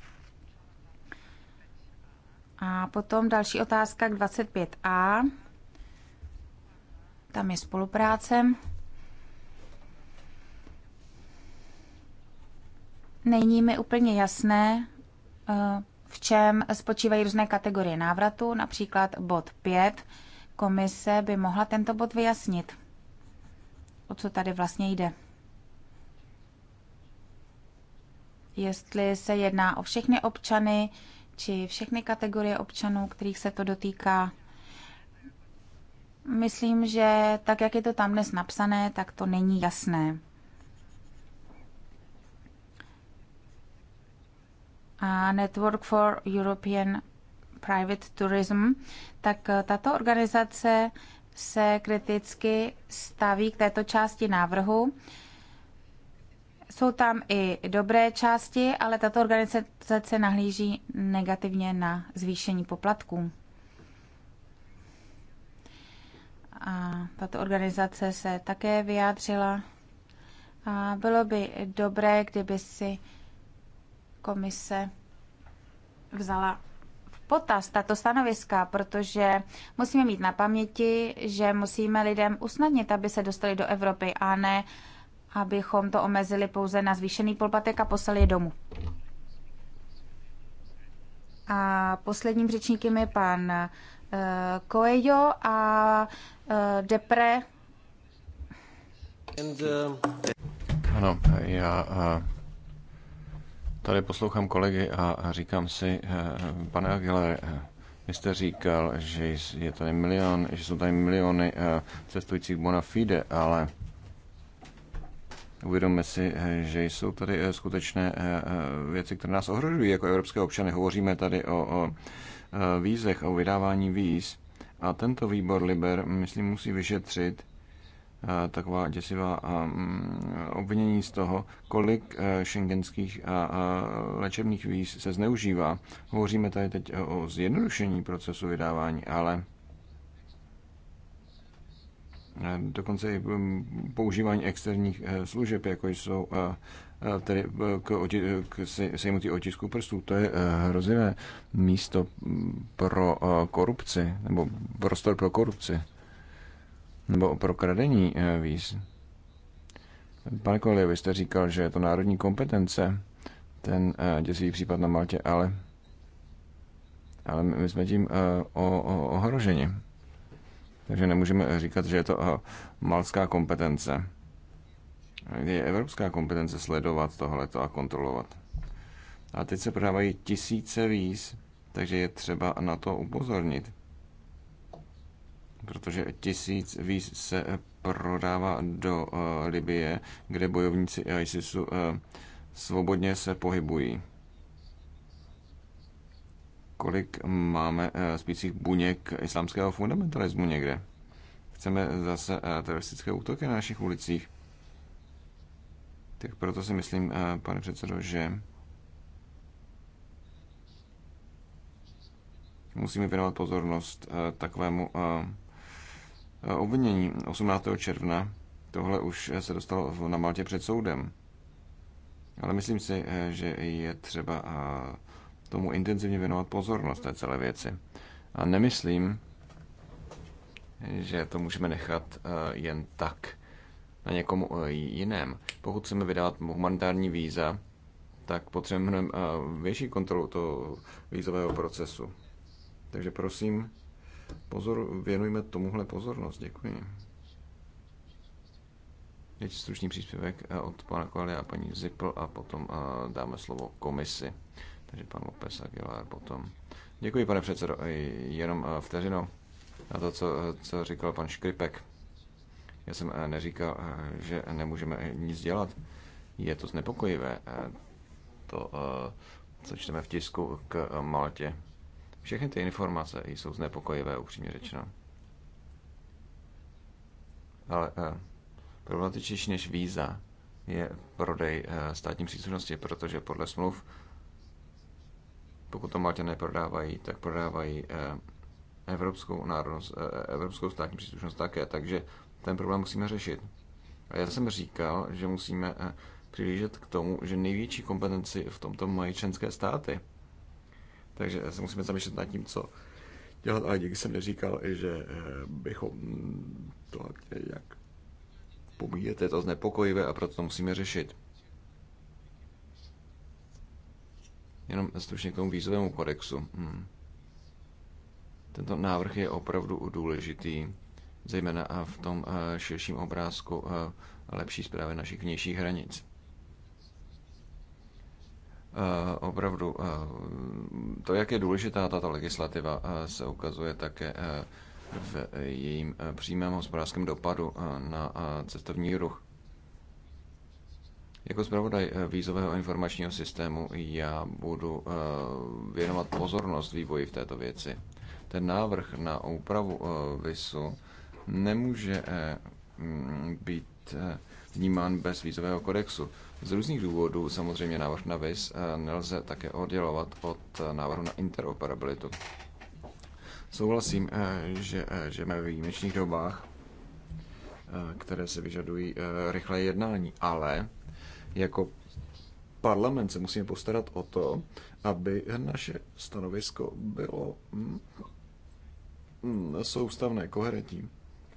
A potom další otázka k 25a. Tam je spolupráce. Není mi úplně jasné, v čem spočívají různé kategorie návratu, například bod 5. Komise by mohla tento bod vyjasnit. O co tady vlastně jde? Jestli se jedná o všechny občany, či všechny kategorie občanů, kterých se to dotýká. Myslím, že tak, jak je to tam dnes napsané, tak to není jasné. a Network for European Private Tourism, tak eh, tato organizace se kriticky staví k této části návrhu. Jsou tam i dobré části, ale tato organizace nahlíží negativně na zvýšení poplatků. A tato organizace se také vyjádřila. A bylo by dobré, kdyby si komise vzala v potaz tato stanoviska, protože musíme mít na paměti, že musíme lidem usnadnit, aby se dostali do Evropy a ne abychom to omezili pouze na zvýšený polpatek a poslali je domů. A posledním řečníkem je pan uh, Coelho a uh, Depre. And, uh... Ano, já uh Tady poslouchám kolegy a říkám si, eh, pane Aguilere, eh, vy jste říkal, že, je tady milion, že jsou tady miliony eh, cestujících bona fide, ale uvědomme si, že jsou tady skutečné věci, které nás ohrožují. Jako evropské občany hovoříme tady o, o vízech o vydávání víz. A tento výbor Liber, myslím, musí vyšetřit, taková děsivá mm, obvinění z toho, kolik e, šengenských léčebných víz se zneužívá. Hovoříme tady teď o zjednodušení procesu vydávání, ale e, dokonce i používání externích e, služeb, jako jsou tedy k, oti, k sejmutí otisku prstů. To je hrozivé místo pro korupci, nebo prostor pro korupci nebo pro kradení eh, víz. Pane Koli, vy jste říkal, že je to národní kompetence, ten eh, děsivý případ na Maltě, ale, ale my jsme tím eh, ohroženi. Takže nemůžeme říkat, že je to malská kompetence. Je evropská kompetence sledovat tohleto a kontrolovat. A teď se prodávají tisíce víz, takže je třeba na to upozornit protože tisíc víz se eh, prodává do eh, Libie, kde bojovníci ISISu eh, svobodně se pohybují. Kolik máme spících buněk islámského fundamentalismu někde? Chceme zase teroristické útoky na našich ulicích? Tak proto si myslím, pane předsedo, že musíme věnovat pozornost takovému Eh, obvinění 18. června. Tohle už eh, se dostalo na Maltě před soudem. Ale myslím si, eh, že je třeba tomu intenzivně věnovat pozornost té celé věci. A nemyslím, že to můžeme nechat jen tak na někomu jiném. Pokud chceme vydávat humanitární víza, tak potřebujeme větší kontrolu toho vízového procesu. Takže prosím, pozor, věnujme tomuhle pozornost. Děkuji. Teď stručný příspěvek eh, od pana Koaly a paní Zipl a potom eh, dáme slovo komisi. Takže pan Lopez Aguilar potom. Děkuji, pane předsedo. Jenom eh, vteřinou na to, co, co říkal pan Škripek. Já jsem neříkal, že nemůžeme nic dělat. Je to znepokojivé, to, co čteme v tisku k Maltě. Všechny ty informace jsou znepokojivé, upřímně řečeno. Ale eh, problematičnější než víza je prodej eh, státní příslušnosti, protože podle smluv, pokud to Malťané prodávají, tak prodávají eh, evropskou, národnost, eh, evropskou státní příslušnost také, takže ten problém musíme řešit. A já jsem říkal, že musíme eh, přilížet k tomu, že největší kompetenci v tomto mají členské státy. Takže se musíme zamýšlet nad tím, co dělat, ale nikdy jsem neříkal, že eh, bychom to nějak pomíjet, je to znepokojivé a proto to musíme řešit. Jenom stručně k tomu výzovému kodexu. Hmm. Tento návrh je opravdu důležitý, zejména v tom eh, širším obrázku eh, lepší zprávy našich vnějších hranic. Eh, opravdu eh, to, jak je důležitá tato legislativa, eh, se ukazuje také v jejím přímém hospodářském dopadu na cestovní ruch. Jako zpravodaj vízového informačního systému já budu věnovat pozornost vývoji v této věci. Ten návrh na úpravu VISu nemůže být vnímán bez vízového kodexu. Z různých důvodů samozřejmě návrh na VIS eh, nelze také oddělovat od eh, návrhu na interoperabilitu. Souhlasím, eh, že žijeme ve výjimečných dobách, které se vyžadují rychlé jednání, ale jako parlament se musíme postarat o to, aby naše stanovisko bylo hm, hm, soustavné, koherentní.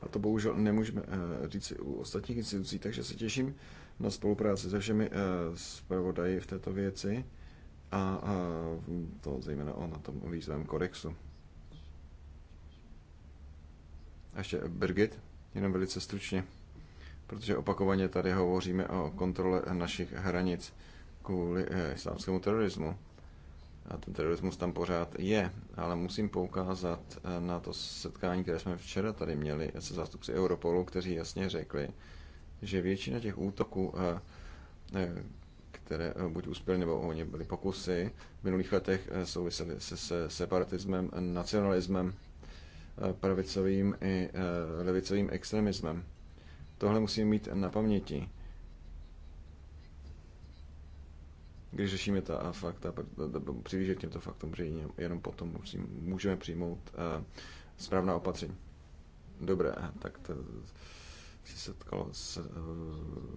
A to bohužel nemůžeme eh, říct u ostatních institucí, takže se těším na spolupráci se všemi eh, zpravodaji v této věci a to zejména o na tom výzvém kodexu. A ještě Birgit, jenom velice stručně, protože opakovaně tady hovoříme o kontrole našich hranic kvůli eh, islámskému terorismu. A ten terorismus tam pořád je, ale musím poukázat eh, na to setkání, které jsme včera tady měli se zástupci Europolu, kteří jasně řekli, že většina těch útoků, eh, eh, které buď uspěly nebo oni byly pokusy, v minulých letech souvisely se, se separatismem, nacionalismem, pravicovým i levicovým extremismem. Tohle musíme mít na paměti. když řešíme ta fakta, přihlížet k těmto faktům, že jenom potom musím, můžeme přijmout eh, správná opatření. Dobré, eh, tak to se setkalo s eh,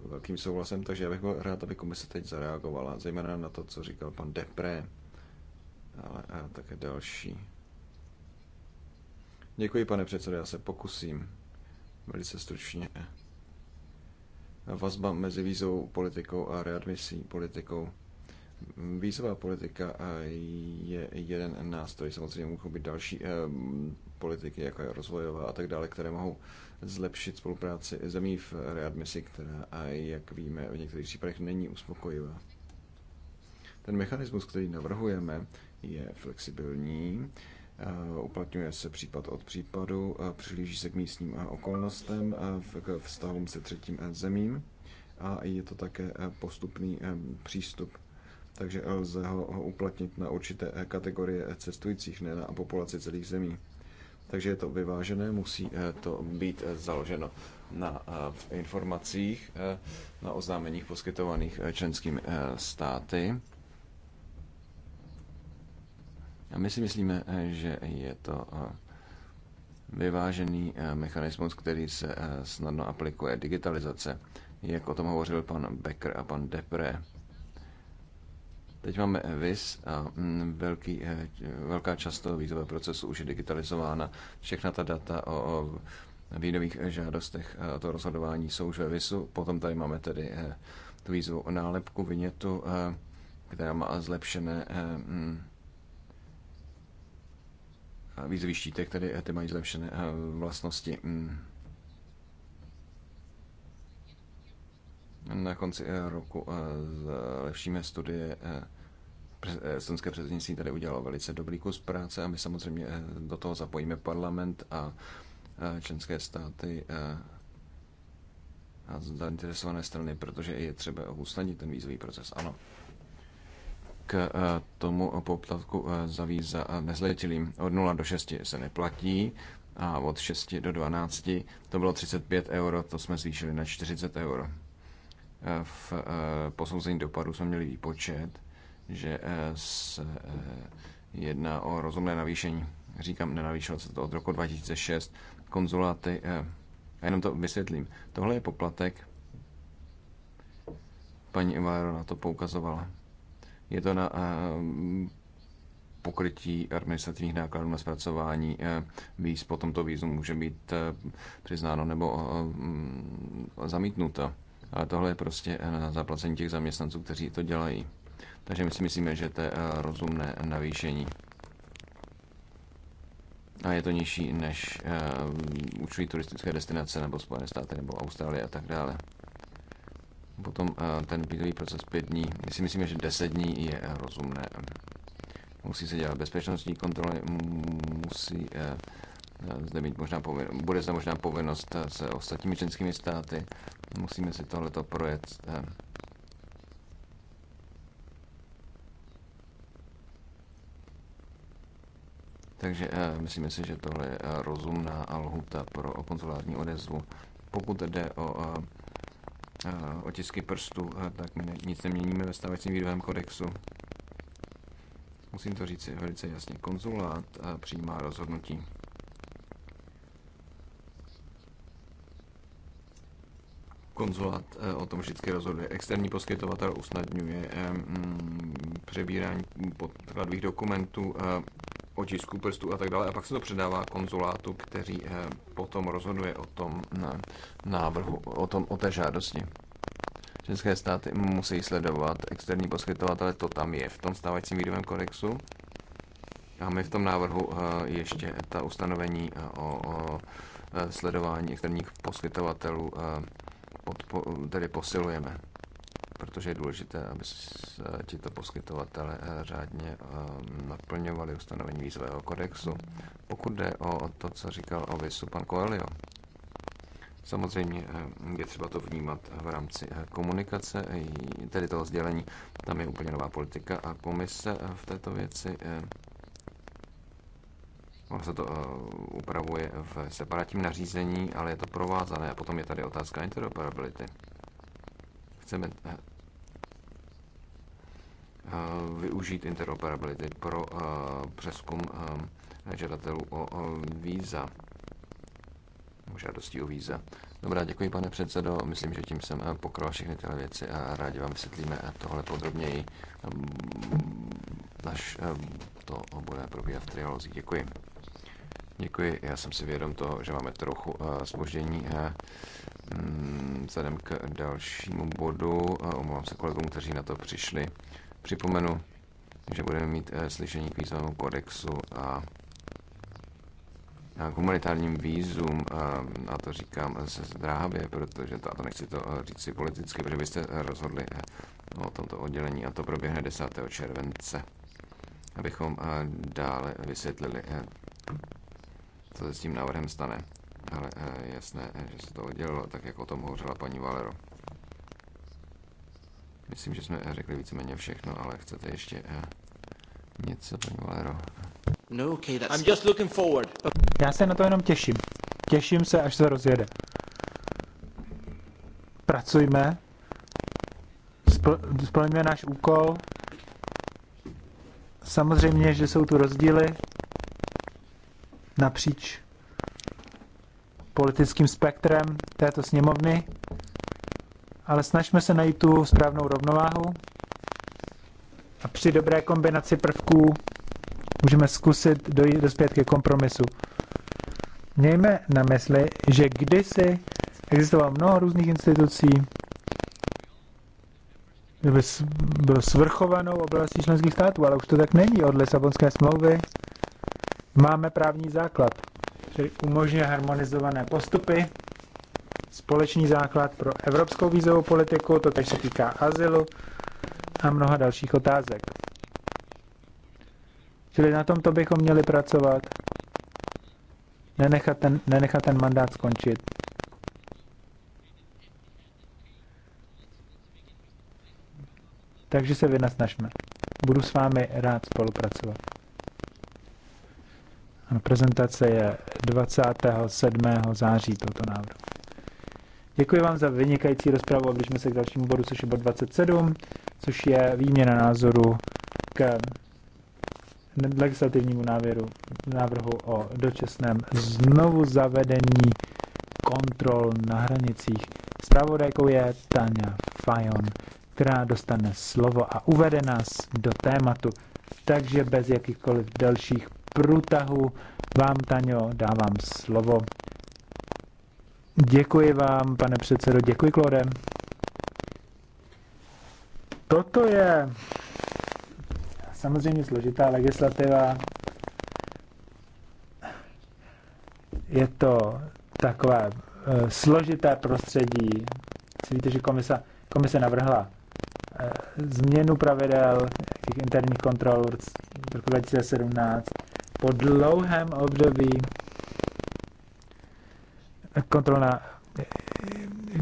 velkým souhlasem, takže já bych byl rád, aby komise teď zareagovala, zejména na to, co říkal pan Depré, ale také další. Děkuji, pane předsedo, já se pokusím velice stručně. Vazba mezi vízovou politikou a readmisí politikou Výzová politika eh, je jeden nástroj, samozřejmě mohou být další eh, politiky, jako je rozvojová a tak dále, které mohou zlepšit spolupráci zemí v readmisi, která, eh, jak víme, v některých případech není uspokojivá. Ten mechanismus, který navrhujeme, je flexibilní, uplatňuje se případ od případu, přilíží se k místním okolnostem, k vztahům se třetím zemím a je to také postupný přístup takže lze ho, ho uplatnit na určité kategorie cestujících, ne na populaci celých zemí. Takže je to vyvážené, musí eh, to být eh, založeno na eh, informacích, na oznámeních poskytovaných členskými státy. A my si myslíme, že je to vyvážený mechanismus, který se snadno aplikuje digitalizace, jak o tom hovořil pan Becker a pan Depré. Teď máme e VIS a mm, velký, e, velká část toho výzového procesu už je digitalizována. Všechna ta data o, o výdových žádostech a to rozhodování jsou už ve e VISu. Potom tady máme tedy tu o nálepku, vinětu, která má zlepšené mm, výzvy štítek, tedy ty mají zlepšené vlastnosti. Mm. na konci eh, roku eh, zlepšíme studie eh, estonské předsednictví tady udělalo velice dobrý kus práce a my samozřejmě do toho zapojíme parlament a členské státy a zainteresované strany, protože je třeba usnadnit ten výzový proces. Ano. K tomu poplatku za víza nezletilým od 0 do 6 se neplatí a od 6 do 12 to bylo 35 euro, to jsme zvýšili na 40 euro. Eh, v eh, posouzení dopadu jsme měli výpočet, že eh, se jedná o rozumné navýšení. Říkám, nenavýšilo se to od roku 2006. Konzuláty, a jenom to vysvětlím, tohle je poplatek, paní Evaro na to poukazovala. Je to na pokrytí administrativních nákladů na zpracování víz. Potom to výzum může být přiznáno nebo mm, zamítnuto ale tohle je prostě eh, na zaplacení těch zaměstnanců, kteří to dělají. Takže my si myslíme, že to je eh, rozumné navýšení. A je to nižší než uh, turistické destinace nebo Spojené státy nebo Austrálie a tak dále. Potom ten bílý proces pět dní. My si myslíme, že 10 dní je rozumné. Musí se dělat bezpečnostní kontroly, musí zde mít možná povin- bude zde možná povinnost s ostatními členskými státy. Musíme si tohleto projet. Eh. Takže eh, myslíme si, že tohle je eh, rozumná lhuta pro konzulární odezvu. Pokud jde o otisky prstů, tak my nic neměníme ve stávajícím výdovém kodexu musím to říct velice jasně, konzulát přijímá rozhodnutí. konzulát eh, o tom vždycky rozhoduje. Externí poskytovatel usnadňuje eh, mm, přebírání podkladových dokumentů, eh, otisků prstů a tak dále. A pak se to předává konzulátu, který potom rozhoduje o tom návrhu, o, tom, o té žádosti. České státy musí sledovat externí poskytovatele, to tam je v tom stávajícím výdovém kodexu. A my v tom návrhu ještě ta ustanovení o, o sledování externích poskytovatelů podpo- tedy posilujeme, protože je důležité, aby tito poskytovatele eh, řádně eh, naplňovali ustanovení výzvého kodexu. Pokud jde o to, co říkal o VISu pan Coelho, Samozřejmě eh, je třeba to vnímat v rámci komunikace, tedy toho sdělení. Tam je úplně nová politika a komise v této věci Ono se to eh, upravuje v separátním nařízení, ale je to provázané. A potom je tady otázka interoperability. Chceme eh, eh, využít interoperability pro přeskum žadatelů o víza. Žádostí o víza. Dobrá, děkuji pane předsedo. Myslím, že tím jsem pokryl všechny tyhle věci a rádi vám vysvětlíme tohle podrobněji, ehm, až ehm, to bude probíhat v trialozích. Děkuji. Děkuji, já jsem si vědom toho, že máme trochu uh, eh, spoždění uh, eh, mm, vzhledem k dalšímu bodu. Uh, omlouvám se kolegům, kteří na to přišli. Připomenu, že budeme mít uh, slyšení k výzvanému kodexu a k humanitárním vízům, a to říkám se zdrávě, protože to, a to nechci to říct si politicky, protože byste rozhodli o tomto oddělení a to proběhne 10. července, abychom dále vysvětlili co se s tím návrhem stane. Ale eh, jasné, eh, že se to oddělilo, tak jak o tom hovořila paní Valero. Myslím, že jsme eh, řekli víceméně všechno, ale chcete ještě něco, paní Valero? No, okay, that's... I'm just looking forward. Já se na to jenom těším. Těším se, až se rozjede. Pracujme, spl- splňme náš úkol. Samozřejmě, že jsou tu rozdíly, napříč politickým spektrem této sněmovny, ale snažme se najít tu správnou rovnováhu a při dobré kombinaci prvků můžeme zkusit dojít dospět ke kompromisu. Mějme na mysli, že kdysi existovalo mnoho různých institucí, byl svrchovanou oblastí členských států, ale už to tak není od Lisabonské smlouvy. Máme právní základ, který umožňuje harmonizované postupy, společný základ pro evropskou vízovou politiku, to tež se týká azylu a mnoha dalších otázek. Čili na tomto bychom měli pracovat, nenechat ten, nenechat ten mandát skončit. Takže se vynasnažme. Budu s vámi rád spolupracovat. Prezentace je 27. září tohoto návrhu. Děkuji vám za vynikající rozpravu a blížíme se k dalšímu bodu, což je bod 27, což je výměna názoru k legislativnímu návěru, návrhu o dočasném znovu zavedení kontrol na hranicích. Spravodajkou je Tania Fajon, která dostane slovo a uvede nás do tématu, takže bez jakýchkoliv dalších průtahu vám, Taňo, dávám slovo. Děkuji vám, pane předsedo, děkuji, Klore. Toto je samozřejmě složitá legislativa. Je to takové e, složité prostředí. Víte, že komisa, komise navrhla e, změnu pravidel interních kontrol v roku 2017 po dlouhém období kontrol na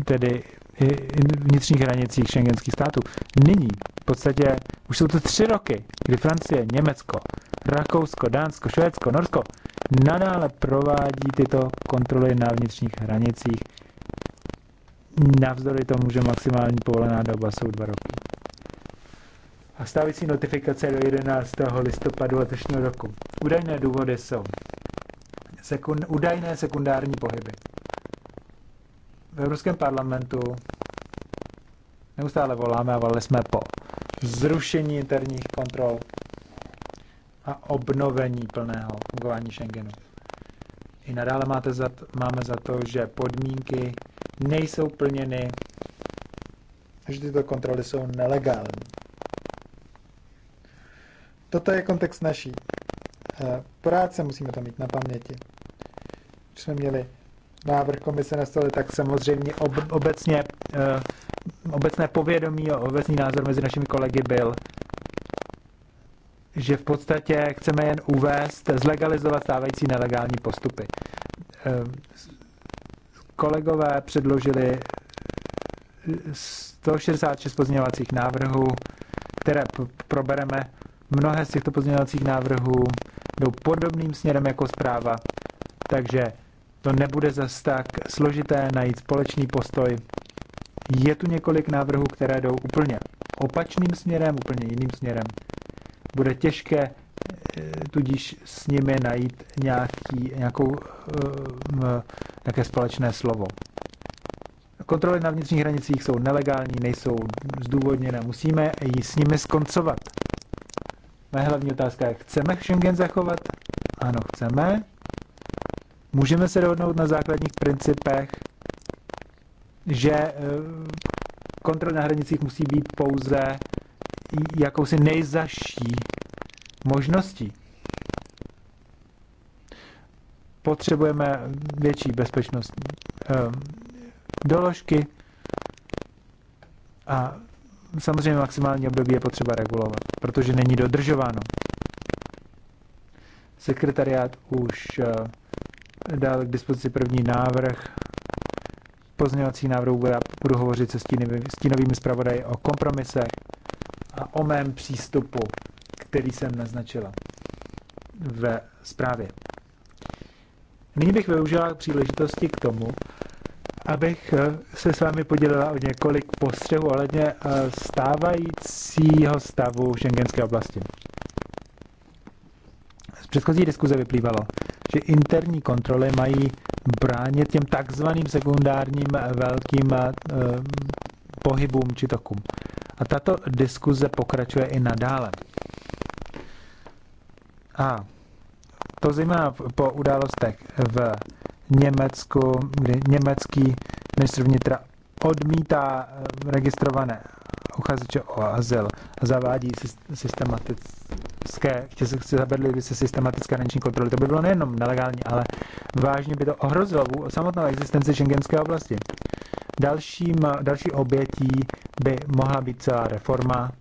tedy eh, vnitřních hranicích šengenských států. Nyní v podstatě už jsou to tři roky, kdy Francie, Německo, Rakousko, Dánsko, Švédsko, Norsko nadále provádí tyto kontroly na vnitřních hranicích. Navzdory tomu, že maximální povolená doba jsou dva roky a stávající notifikace do 11. listopadu letošního roku. Údajné důvody jsou sekund, údajné sekundární pohyby. V Evropském parlamentu neustále voláme a volali jsme po zrušení interních kontrol a obnovení plného fungování Schengenu. I nadále máte za, máme za to, že podmínky nejsou plněny a že tyto kontroly jsou nelegální. Toto je kontext naší. Eh, práce, musíme to mít na paměti. Když jsme měli návrh komise na stole, tak samozřejmě ob, obecně, eh, obecné povědomí a obecný názor mezi našimi kolegy byl, že v podstatě chceme jen uvést, zlegalizovat stávající nelegální postupy. Eh, kolegové předložili 166 pozměňovacích návrhů, které probereme Mnohé z těchto pozměňovacích návrhů jdou podobným směrem jako zpráva, takže to nebude zas tak složité najít společný postoj. Je tu několik návrhů, které jdou úplně opačným směrem, úplně jiným směrem. Bude těžké eh, tudíž s nimi najít nějaký, nějakou, eh, nějaké společné slovo. Kontroly na vnitřních hranicích jsou nelegální, nejsou zdůvodněné. Musíme s nimi skoncovat. Moje hlavní otázka je, chceme Schengen zachovat? Ano, chceme. Můžeme se dohodnout na základních principech, že eh, kontrol na hranicích musí být pouze jakousi nejzaší možností. Potřebujeme větší bezpečnost eh, doložky a samozřejmě maximální období je potřeba regulovat, protože není dodržováno. Sekretariát už eh, dal k dispozici první návrh pozměňovací návrhu bude, budu hovořit se stínovými, stínovými zpravodaji o kompromisech a o mém přístupu, který jsem naznačila ve zprávě. Nyní bych využila příležitosti k tomu, abych eh, se s vámi podělila o několik postřehů ohledně eh, stávajícího stavu šengenské oblasti. Z předchozí diskuze vyplývalo, že interní kontroly mají bránit těm takzvaným sekundárním eh, velkým pohybům či tokům. A tato diskuze pokračuje i nadále. A to zejména po událostech v Německo, kdy německý ministr vnitra odmítá eh, registrované uchazeče o azyl a zavádí systematické, zabedli, by se systematické hraniční kontroly. To by bylo nejenom nelegální, ale vážně by to ohrozilo samotnou existenci šengenské oblasti. Dalším, další obětí by mohla být celá reforma.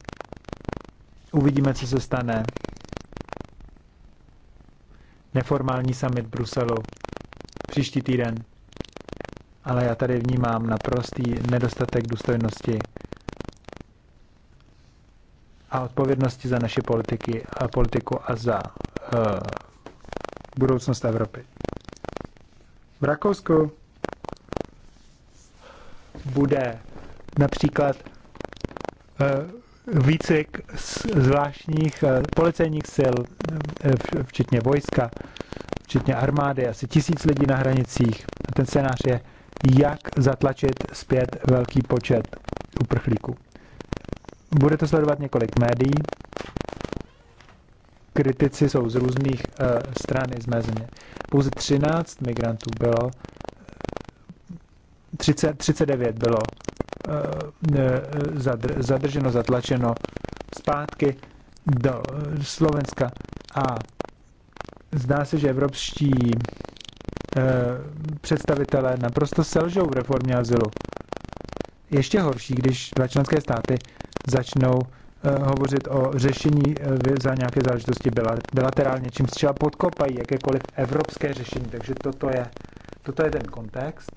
Uvidíme, co se stane. Neformální summit Bruselu příští týden. Ale já tady vnímám naprostý nedostatek důstojnosti a odpovědnosti za naše politiky a politiku a za uh, budoucnost Evropy. V Rakousku bude například uh, výcvik zvláštních uh, policejních sil, uh, včetně vojska, uh, včetně armády, asi tisíc lidí na hranicích. A ten scénář je, jak zatlačit zpět velký počet uprchlíků. Bude to sledovat několik médií. Kritici jsou z různých uh, stran i z mé země. Pouze 13 migrantů bylo, 30, 39 bylo uh, zadr, zadrženo, zatlačeno zpátky do Slovenska a Zdá se, že evropští eh, představitelé naprosto selžou v reformě azylu. Ještě horší, když dva členské státy začnou eh, hovořit o řešení eh, za nějaké záležitosti bilaterálně, čím třeba podkopají jakékoliv evropské řešení. Takže toto je, toto je ten kontext.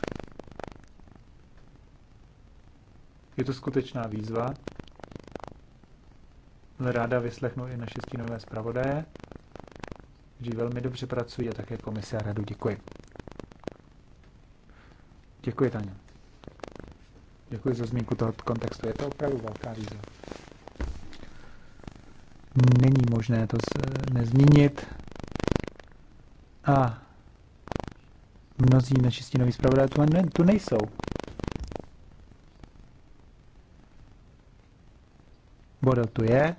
Je to skutečná výzva. Ráda vyslechnu i naše stínové zpravodaje kteří velmi dobře pracují a také komise a radu. Děkuji. Děkuji, Tania. Děkuji za zmínku toho kontextu. Je to opravdu velká výzva. Není možné to nezmínit. A mnozí naši stínoví zpravodajové tu, ne, tu nejsou. Bodo tu je.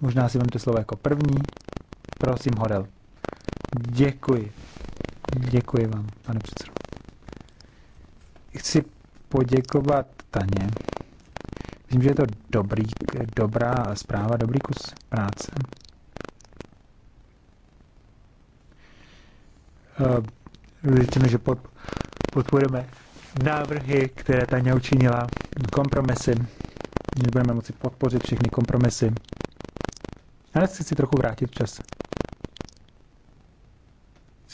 Možná si vemte slovo jako první. Prosím, Horel. Děkuji. Děkuji vám, pane předsedo. Chci poděkovat Taně. Myslím, že je to dobrý, dobrá zpráva, dobrý kus práce. Řečeno, eh, že pod, podporujeme návrhy, které Taně učinila, kompromisy, že budeme moci podpořit všechny kompromisy. Ale chci si trochu vrátit čas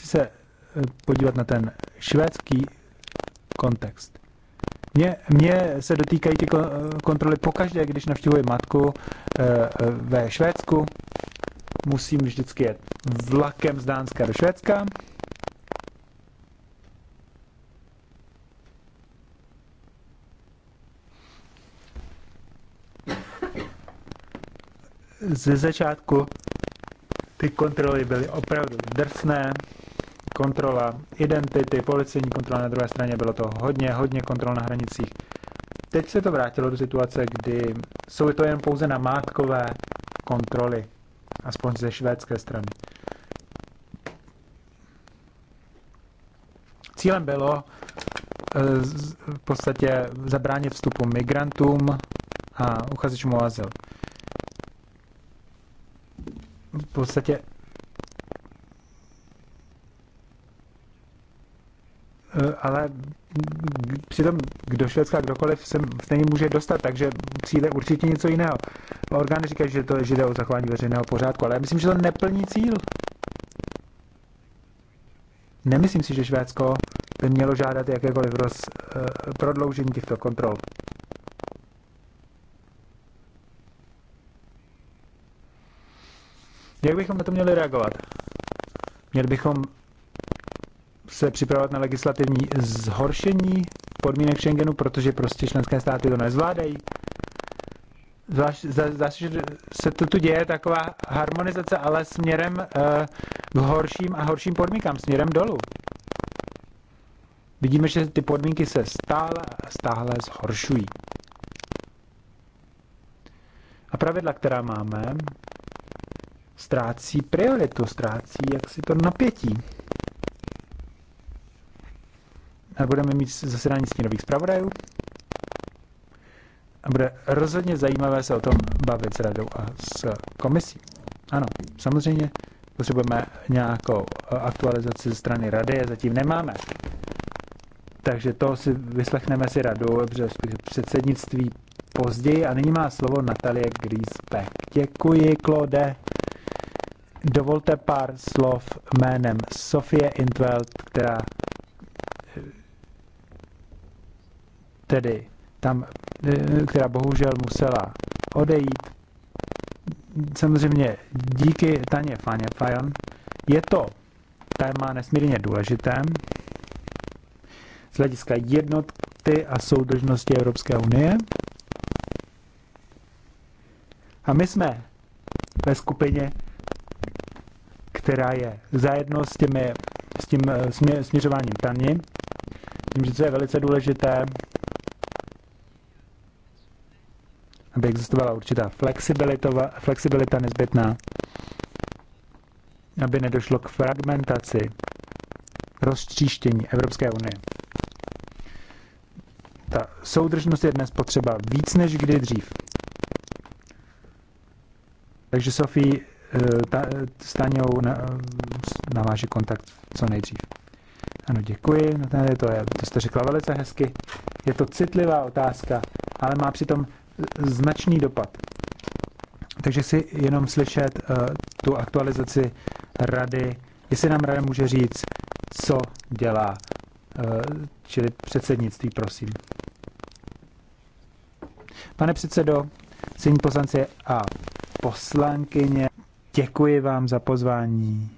se eh, podívat na ten švédský kontext. Mě mě se dotýkají ty eh, kontroly pokaždé, když navštěvuji matku eh, ve Švédsku. Musím vždycky jet vlakem z Dánska do Švédska. Ze začátku ty kontroly byly opravdu drsné kontrola identity, policejní kontrola na druhé straně, bylo to hodně, hodně kontrol na hranicích. Teď se to vrátilo do situace, kdy jsou to jen pouze namátkové kontroly, aspoň ze švédské strany. Cílem bylo eh, v podstatě zabránit vstupu migrantům a uchazečům o azyl. V podstatě Eh, ale přitom kdo Švédska, kdokoliv se stejně může dostat, takže přijde určitě něco jiného. Orgány říkají, že to že jde o zachování veřejného pořádku, ale já myslím, že to neplní cíl. Nemyslím si, že Švédsko by mělo žádat jakékoliv roz, eh, prodloužení těchto kontrol. Jak bychom na to měli reagovat? Měli bychom se připravovat na legislativní zhoršení podmínek v Schengenu, protože prostě členské státy to nezvládají. Zvlášť, zvlášť že se to tu děje taková harmonizace, ale směrem eh, k horším a horším podmínkám, směrem dolů. Vidíme, že ty podmínky se stále a stále zhoršují. A pravidla, která máme, ztrácí prioritu, ztrácí jaksi to napětí budeme mít zasedání stínových zpravodajů a bude rozhodně zajímavé se o tom bavit s radou a s komisí. Ano, samozřejmě potřebujeme nějakou eh, aktualizaci ze strany rady a zatím nemáme. Takže to si vyslechneme si radu, předsednictví později a nyní má slovo Natalie Griesbeck. Děkuji, Klode. Dovolte pár slov jménem Sofie Intveld, která tedy tam, e, která bohužel musela odejít. Samozřejmě díky Taně Fajon je to téma nesmírně důležité z hlediska jednoty a soudržnosti Evropské unie. A my jsme ve skupině, která je zajedno s, těmi, s tím e, směřováním Tany. Vím, že to je velice důležité, aby existovala určitá flexibilita nezbytná, aby nedošlo k fragmentaci, roztříštění Evropské unie. Ta soudržnost je dnes potřeba víc než kdy dřív. Takže Sofie eh, ta, Staňou na, naváže kontakt co nejdřív. Ano, děkuji. No, to, je, to jste řekla velice hezky. Je to citlivá otázka, ale má přitom značný dopad. Takže si jenom slyšet uh, tu aktualizaci rady, jestli nám rada může říct, co dělá, uh, čili předsednictví, prosím. Pane předsedo, syní poslanci a poslankyně, děkuji vám za pozvání.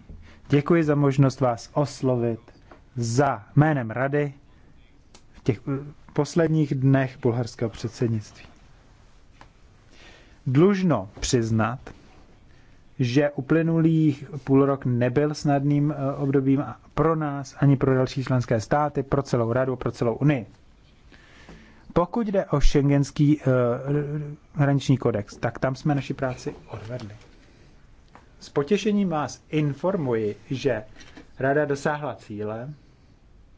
Děkuji za možnost vás oslovit za jménem rady v těch eh, posledních dnech bulharského předsednictví dlužno přiznat, že uplynulý půl rok nebyl snadným eh, obdobím pro nás, ani pro další členské státy, pro celou radu, pro celou Unii. Pokud jde o šengenský uh, eh, hraniční kodex, tak tam jsme naši práci odvedli. S potěšením vás informuji, že rada dosáhla cíle,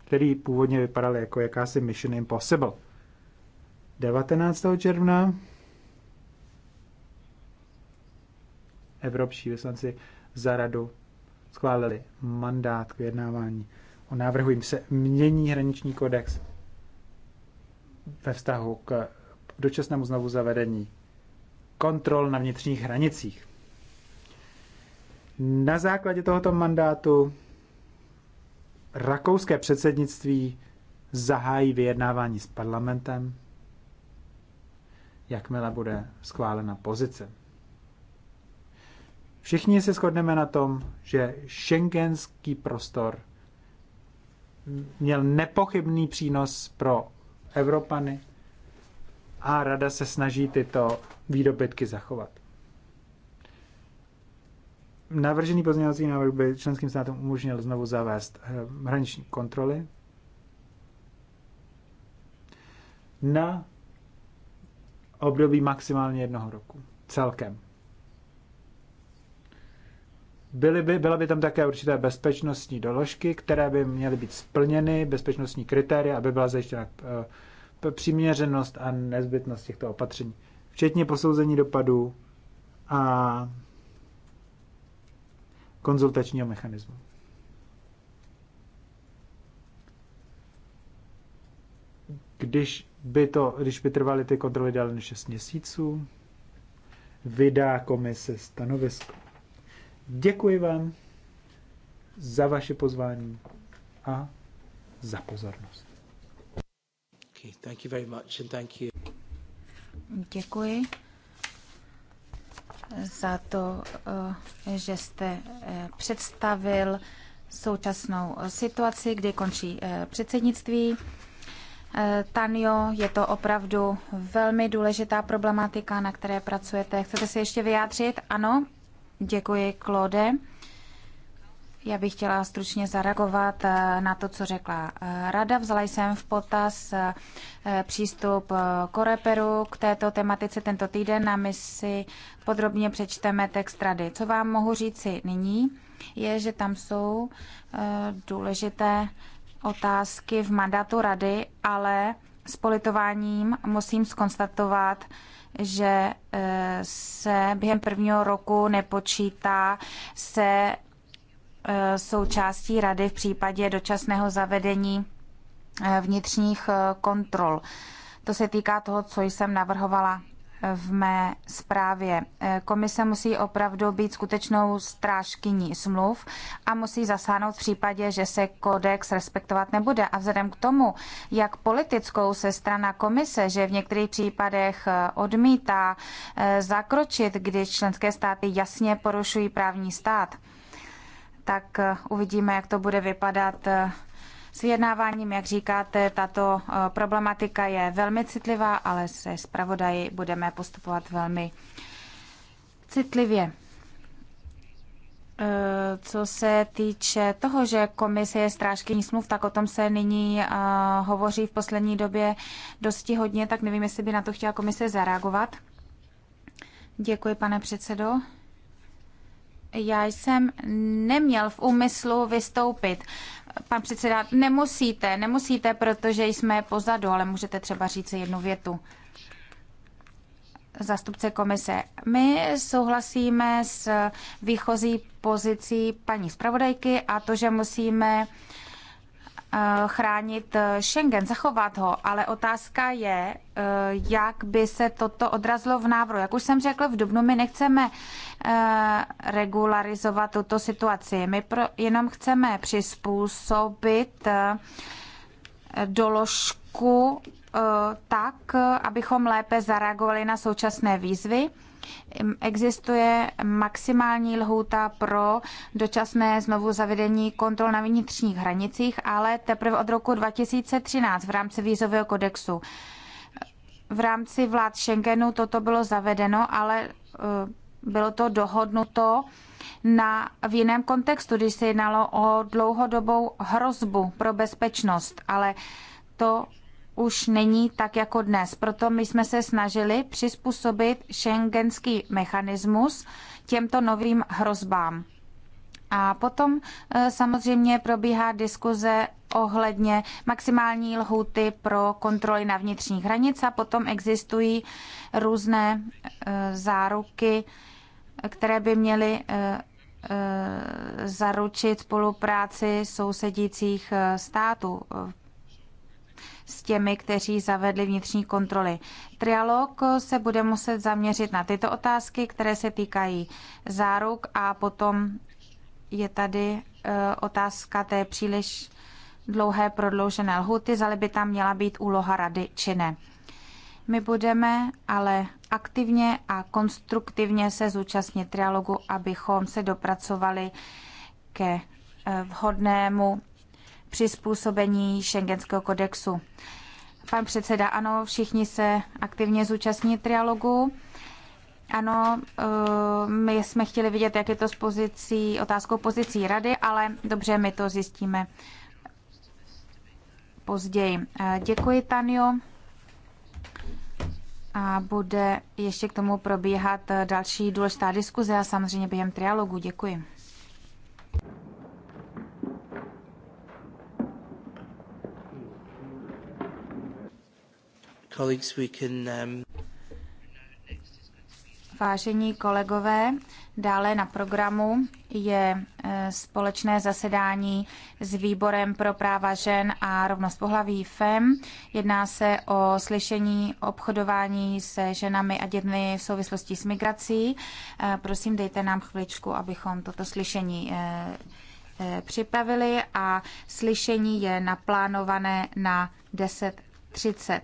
který původně vypadal jako jakási Mission Impossible. 19. června evropští vyslanci za radu schválili mandát k vyjednávání. O návrhu jim se mění hraniční kodex ve vztahu k dočasnému znovu zavedení kontrol na vnitřních hranicích. Na základě tohoto mandátu rakouské předsednictví zahájí vyjednávání s parlamentem, jakmile bude schválena pozice. Všichni se shodneme na tom, že šengenský prostor měl nepochybný přínos pro Evropany a rada se snaží tyto výdobytky zachovat. Navržený pozměňovací návrh by členským státům umožnil znovu zavést eh, hraniční kontroly na období maximálně jednoho roku celkem byly by, byla by tam také určité bezpečnostní doložky, které by měly být splněny, bezpečnostní kritéria, aby byla zajištěna eh, přiměřenost a nezbytnost těchto opatření, včetně posouzení dopadů a konzultačního mechanismu. Když by, to, když by trvaly ty kontroly déle než 6 měsíců, vydá komise stanovisko. Děkuji vám za vaše pozvání a za pozornost. Okay, thank you very much and thank you. Děkuji za to, eh, že jste eh, představil současnou situaci, kdy končí eh, předsednictví. Tanjo, je to opravdu velmi důležitá problematika, na které pracujete. Chcete se ještě vyjádřit? Ano, Děkuji, Claude. Já bych chtěla stručně zareagovat eh, na to, co řekla eh, Rada. Vzala jsem v potaz eh, přístup Koreperu k této tematice tento týden a my si podrobně přečteme text Rady. Co vám mohu říci nyní, je, že tam jsou důležité otázky v mandátu Rady, ale s politováním musím skonstatovat, že eh, se během prvního roku nepočítá se eh, součástí rady v případě dočasného zavedení eh, vnitřních kontrol. To se týká toho, co jsem navrhovala v mé zprávě. Eh, komise musí opravdu být skutečnou strážkyní smluv a musí zasáhnout v případě, že se kodex respektovat nebude. A vzhledem k tomu, jak politickou se strana komise, že v některých případech eh, odmítá eh, zakročit, když členské státy jasně porušují právní stát, tak uvidíme, jak to bude vypadat s vyjednáváním. Jak říkáte, tato eh, problematika je velmi citlivá, ale se zpravodaji budeme postupovat velmi citlivě. Eh, co se týče toho, že komise je strážkyní smluv, tak o tom se nyní eh, hovoří v poslední době dosti hodně, tak nevím, jestli by na to chtěla komise zareagovat. Děkuji, pane předsedo. Já jsem neměl v úmyslu vystoupit. Pan předseda, nemusíte, nemusíte, protože jsme pozadu, ale můžete třeba říct jednu větu. Zastupce komise, my souhlasíme s výchozí pozicí paní zpravodajky a to, že musíme Eh, chránit eh, Schengen, zachovat ho, ale otázka je, eh, jak by se toto odrazilo v návrhu. Jak už jsem řekl, v Dubnu my nechceme regularizovat tuto situaci. My pro, jenom chceme přizpůsobit doložku tak, abychom lépe zareagovali na současné výzvy Existuje maximální lhůta pro dočasné znovu zavedení kontrol na vnitřních hranicích, ale teprve od roku 2013 v rámci vízového kodexu. V rámci vlád Schengenu toto bylo zavedeno, ale e, bylo to dohodnuto na, v jiném kontextu, když se jednalo o dlouhodobou hrozbu pro bezpečnost, ale to už není tak jako dnes. Proto my jsme se snažili přizpůsobit šengenský mechanismus těmto novým hrozbám. A potom e, samozřejmě probíhá diskuze ohledně maximální lhuty pro kontroly na vnitřních hranic a potom existují různé e, záruky, které by měly e, zaručit spolupráci sousedících států s těmi, kteří zavedli vnitřní kontroly. Trialog se bude muset zaměřit na tyto otázky, které se týkají záruk a potom je tady eh, otázka té příliš dlouhé prodloužené lhuty, zali by tam měla být úloha rady či ne. My budeme ale aktivně a konstruktivně se zúčastnit trialogu, abychom se dopracovali ke eh, vhodnému přizpůsobení šengenského kodexu. Pan předseda, ano, všichni se aktivně zúčastní trialogu. Ano, eh, my jsme chtěli vidět, jak je to s pozicí, otázkou pozicí rady, ale dobře, my to zjistíme později. Eh, děkuji, Tanjo. A bude ještě k tomu probíhat eh, další důležitá diskuze a samozřejmě během trialogu. Děkuji. Um, Vážení kolegové, dále na programu je eh, společné zasedání s Výborem pro práva žen a rovnost pohlaví FEM. Jedná se o slyšení obchodování se ženami a dětmi v souvislosti s migrací. Eh, prosím, dejte nám chviličku, abychom toto slyšení eh, připravili a slyšení je naplánované na 10.30.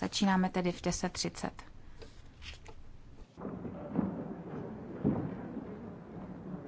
Začínáme tedy v 10.30.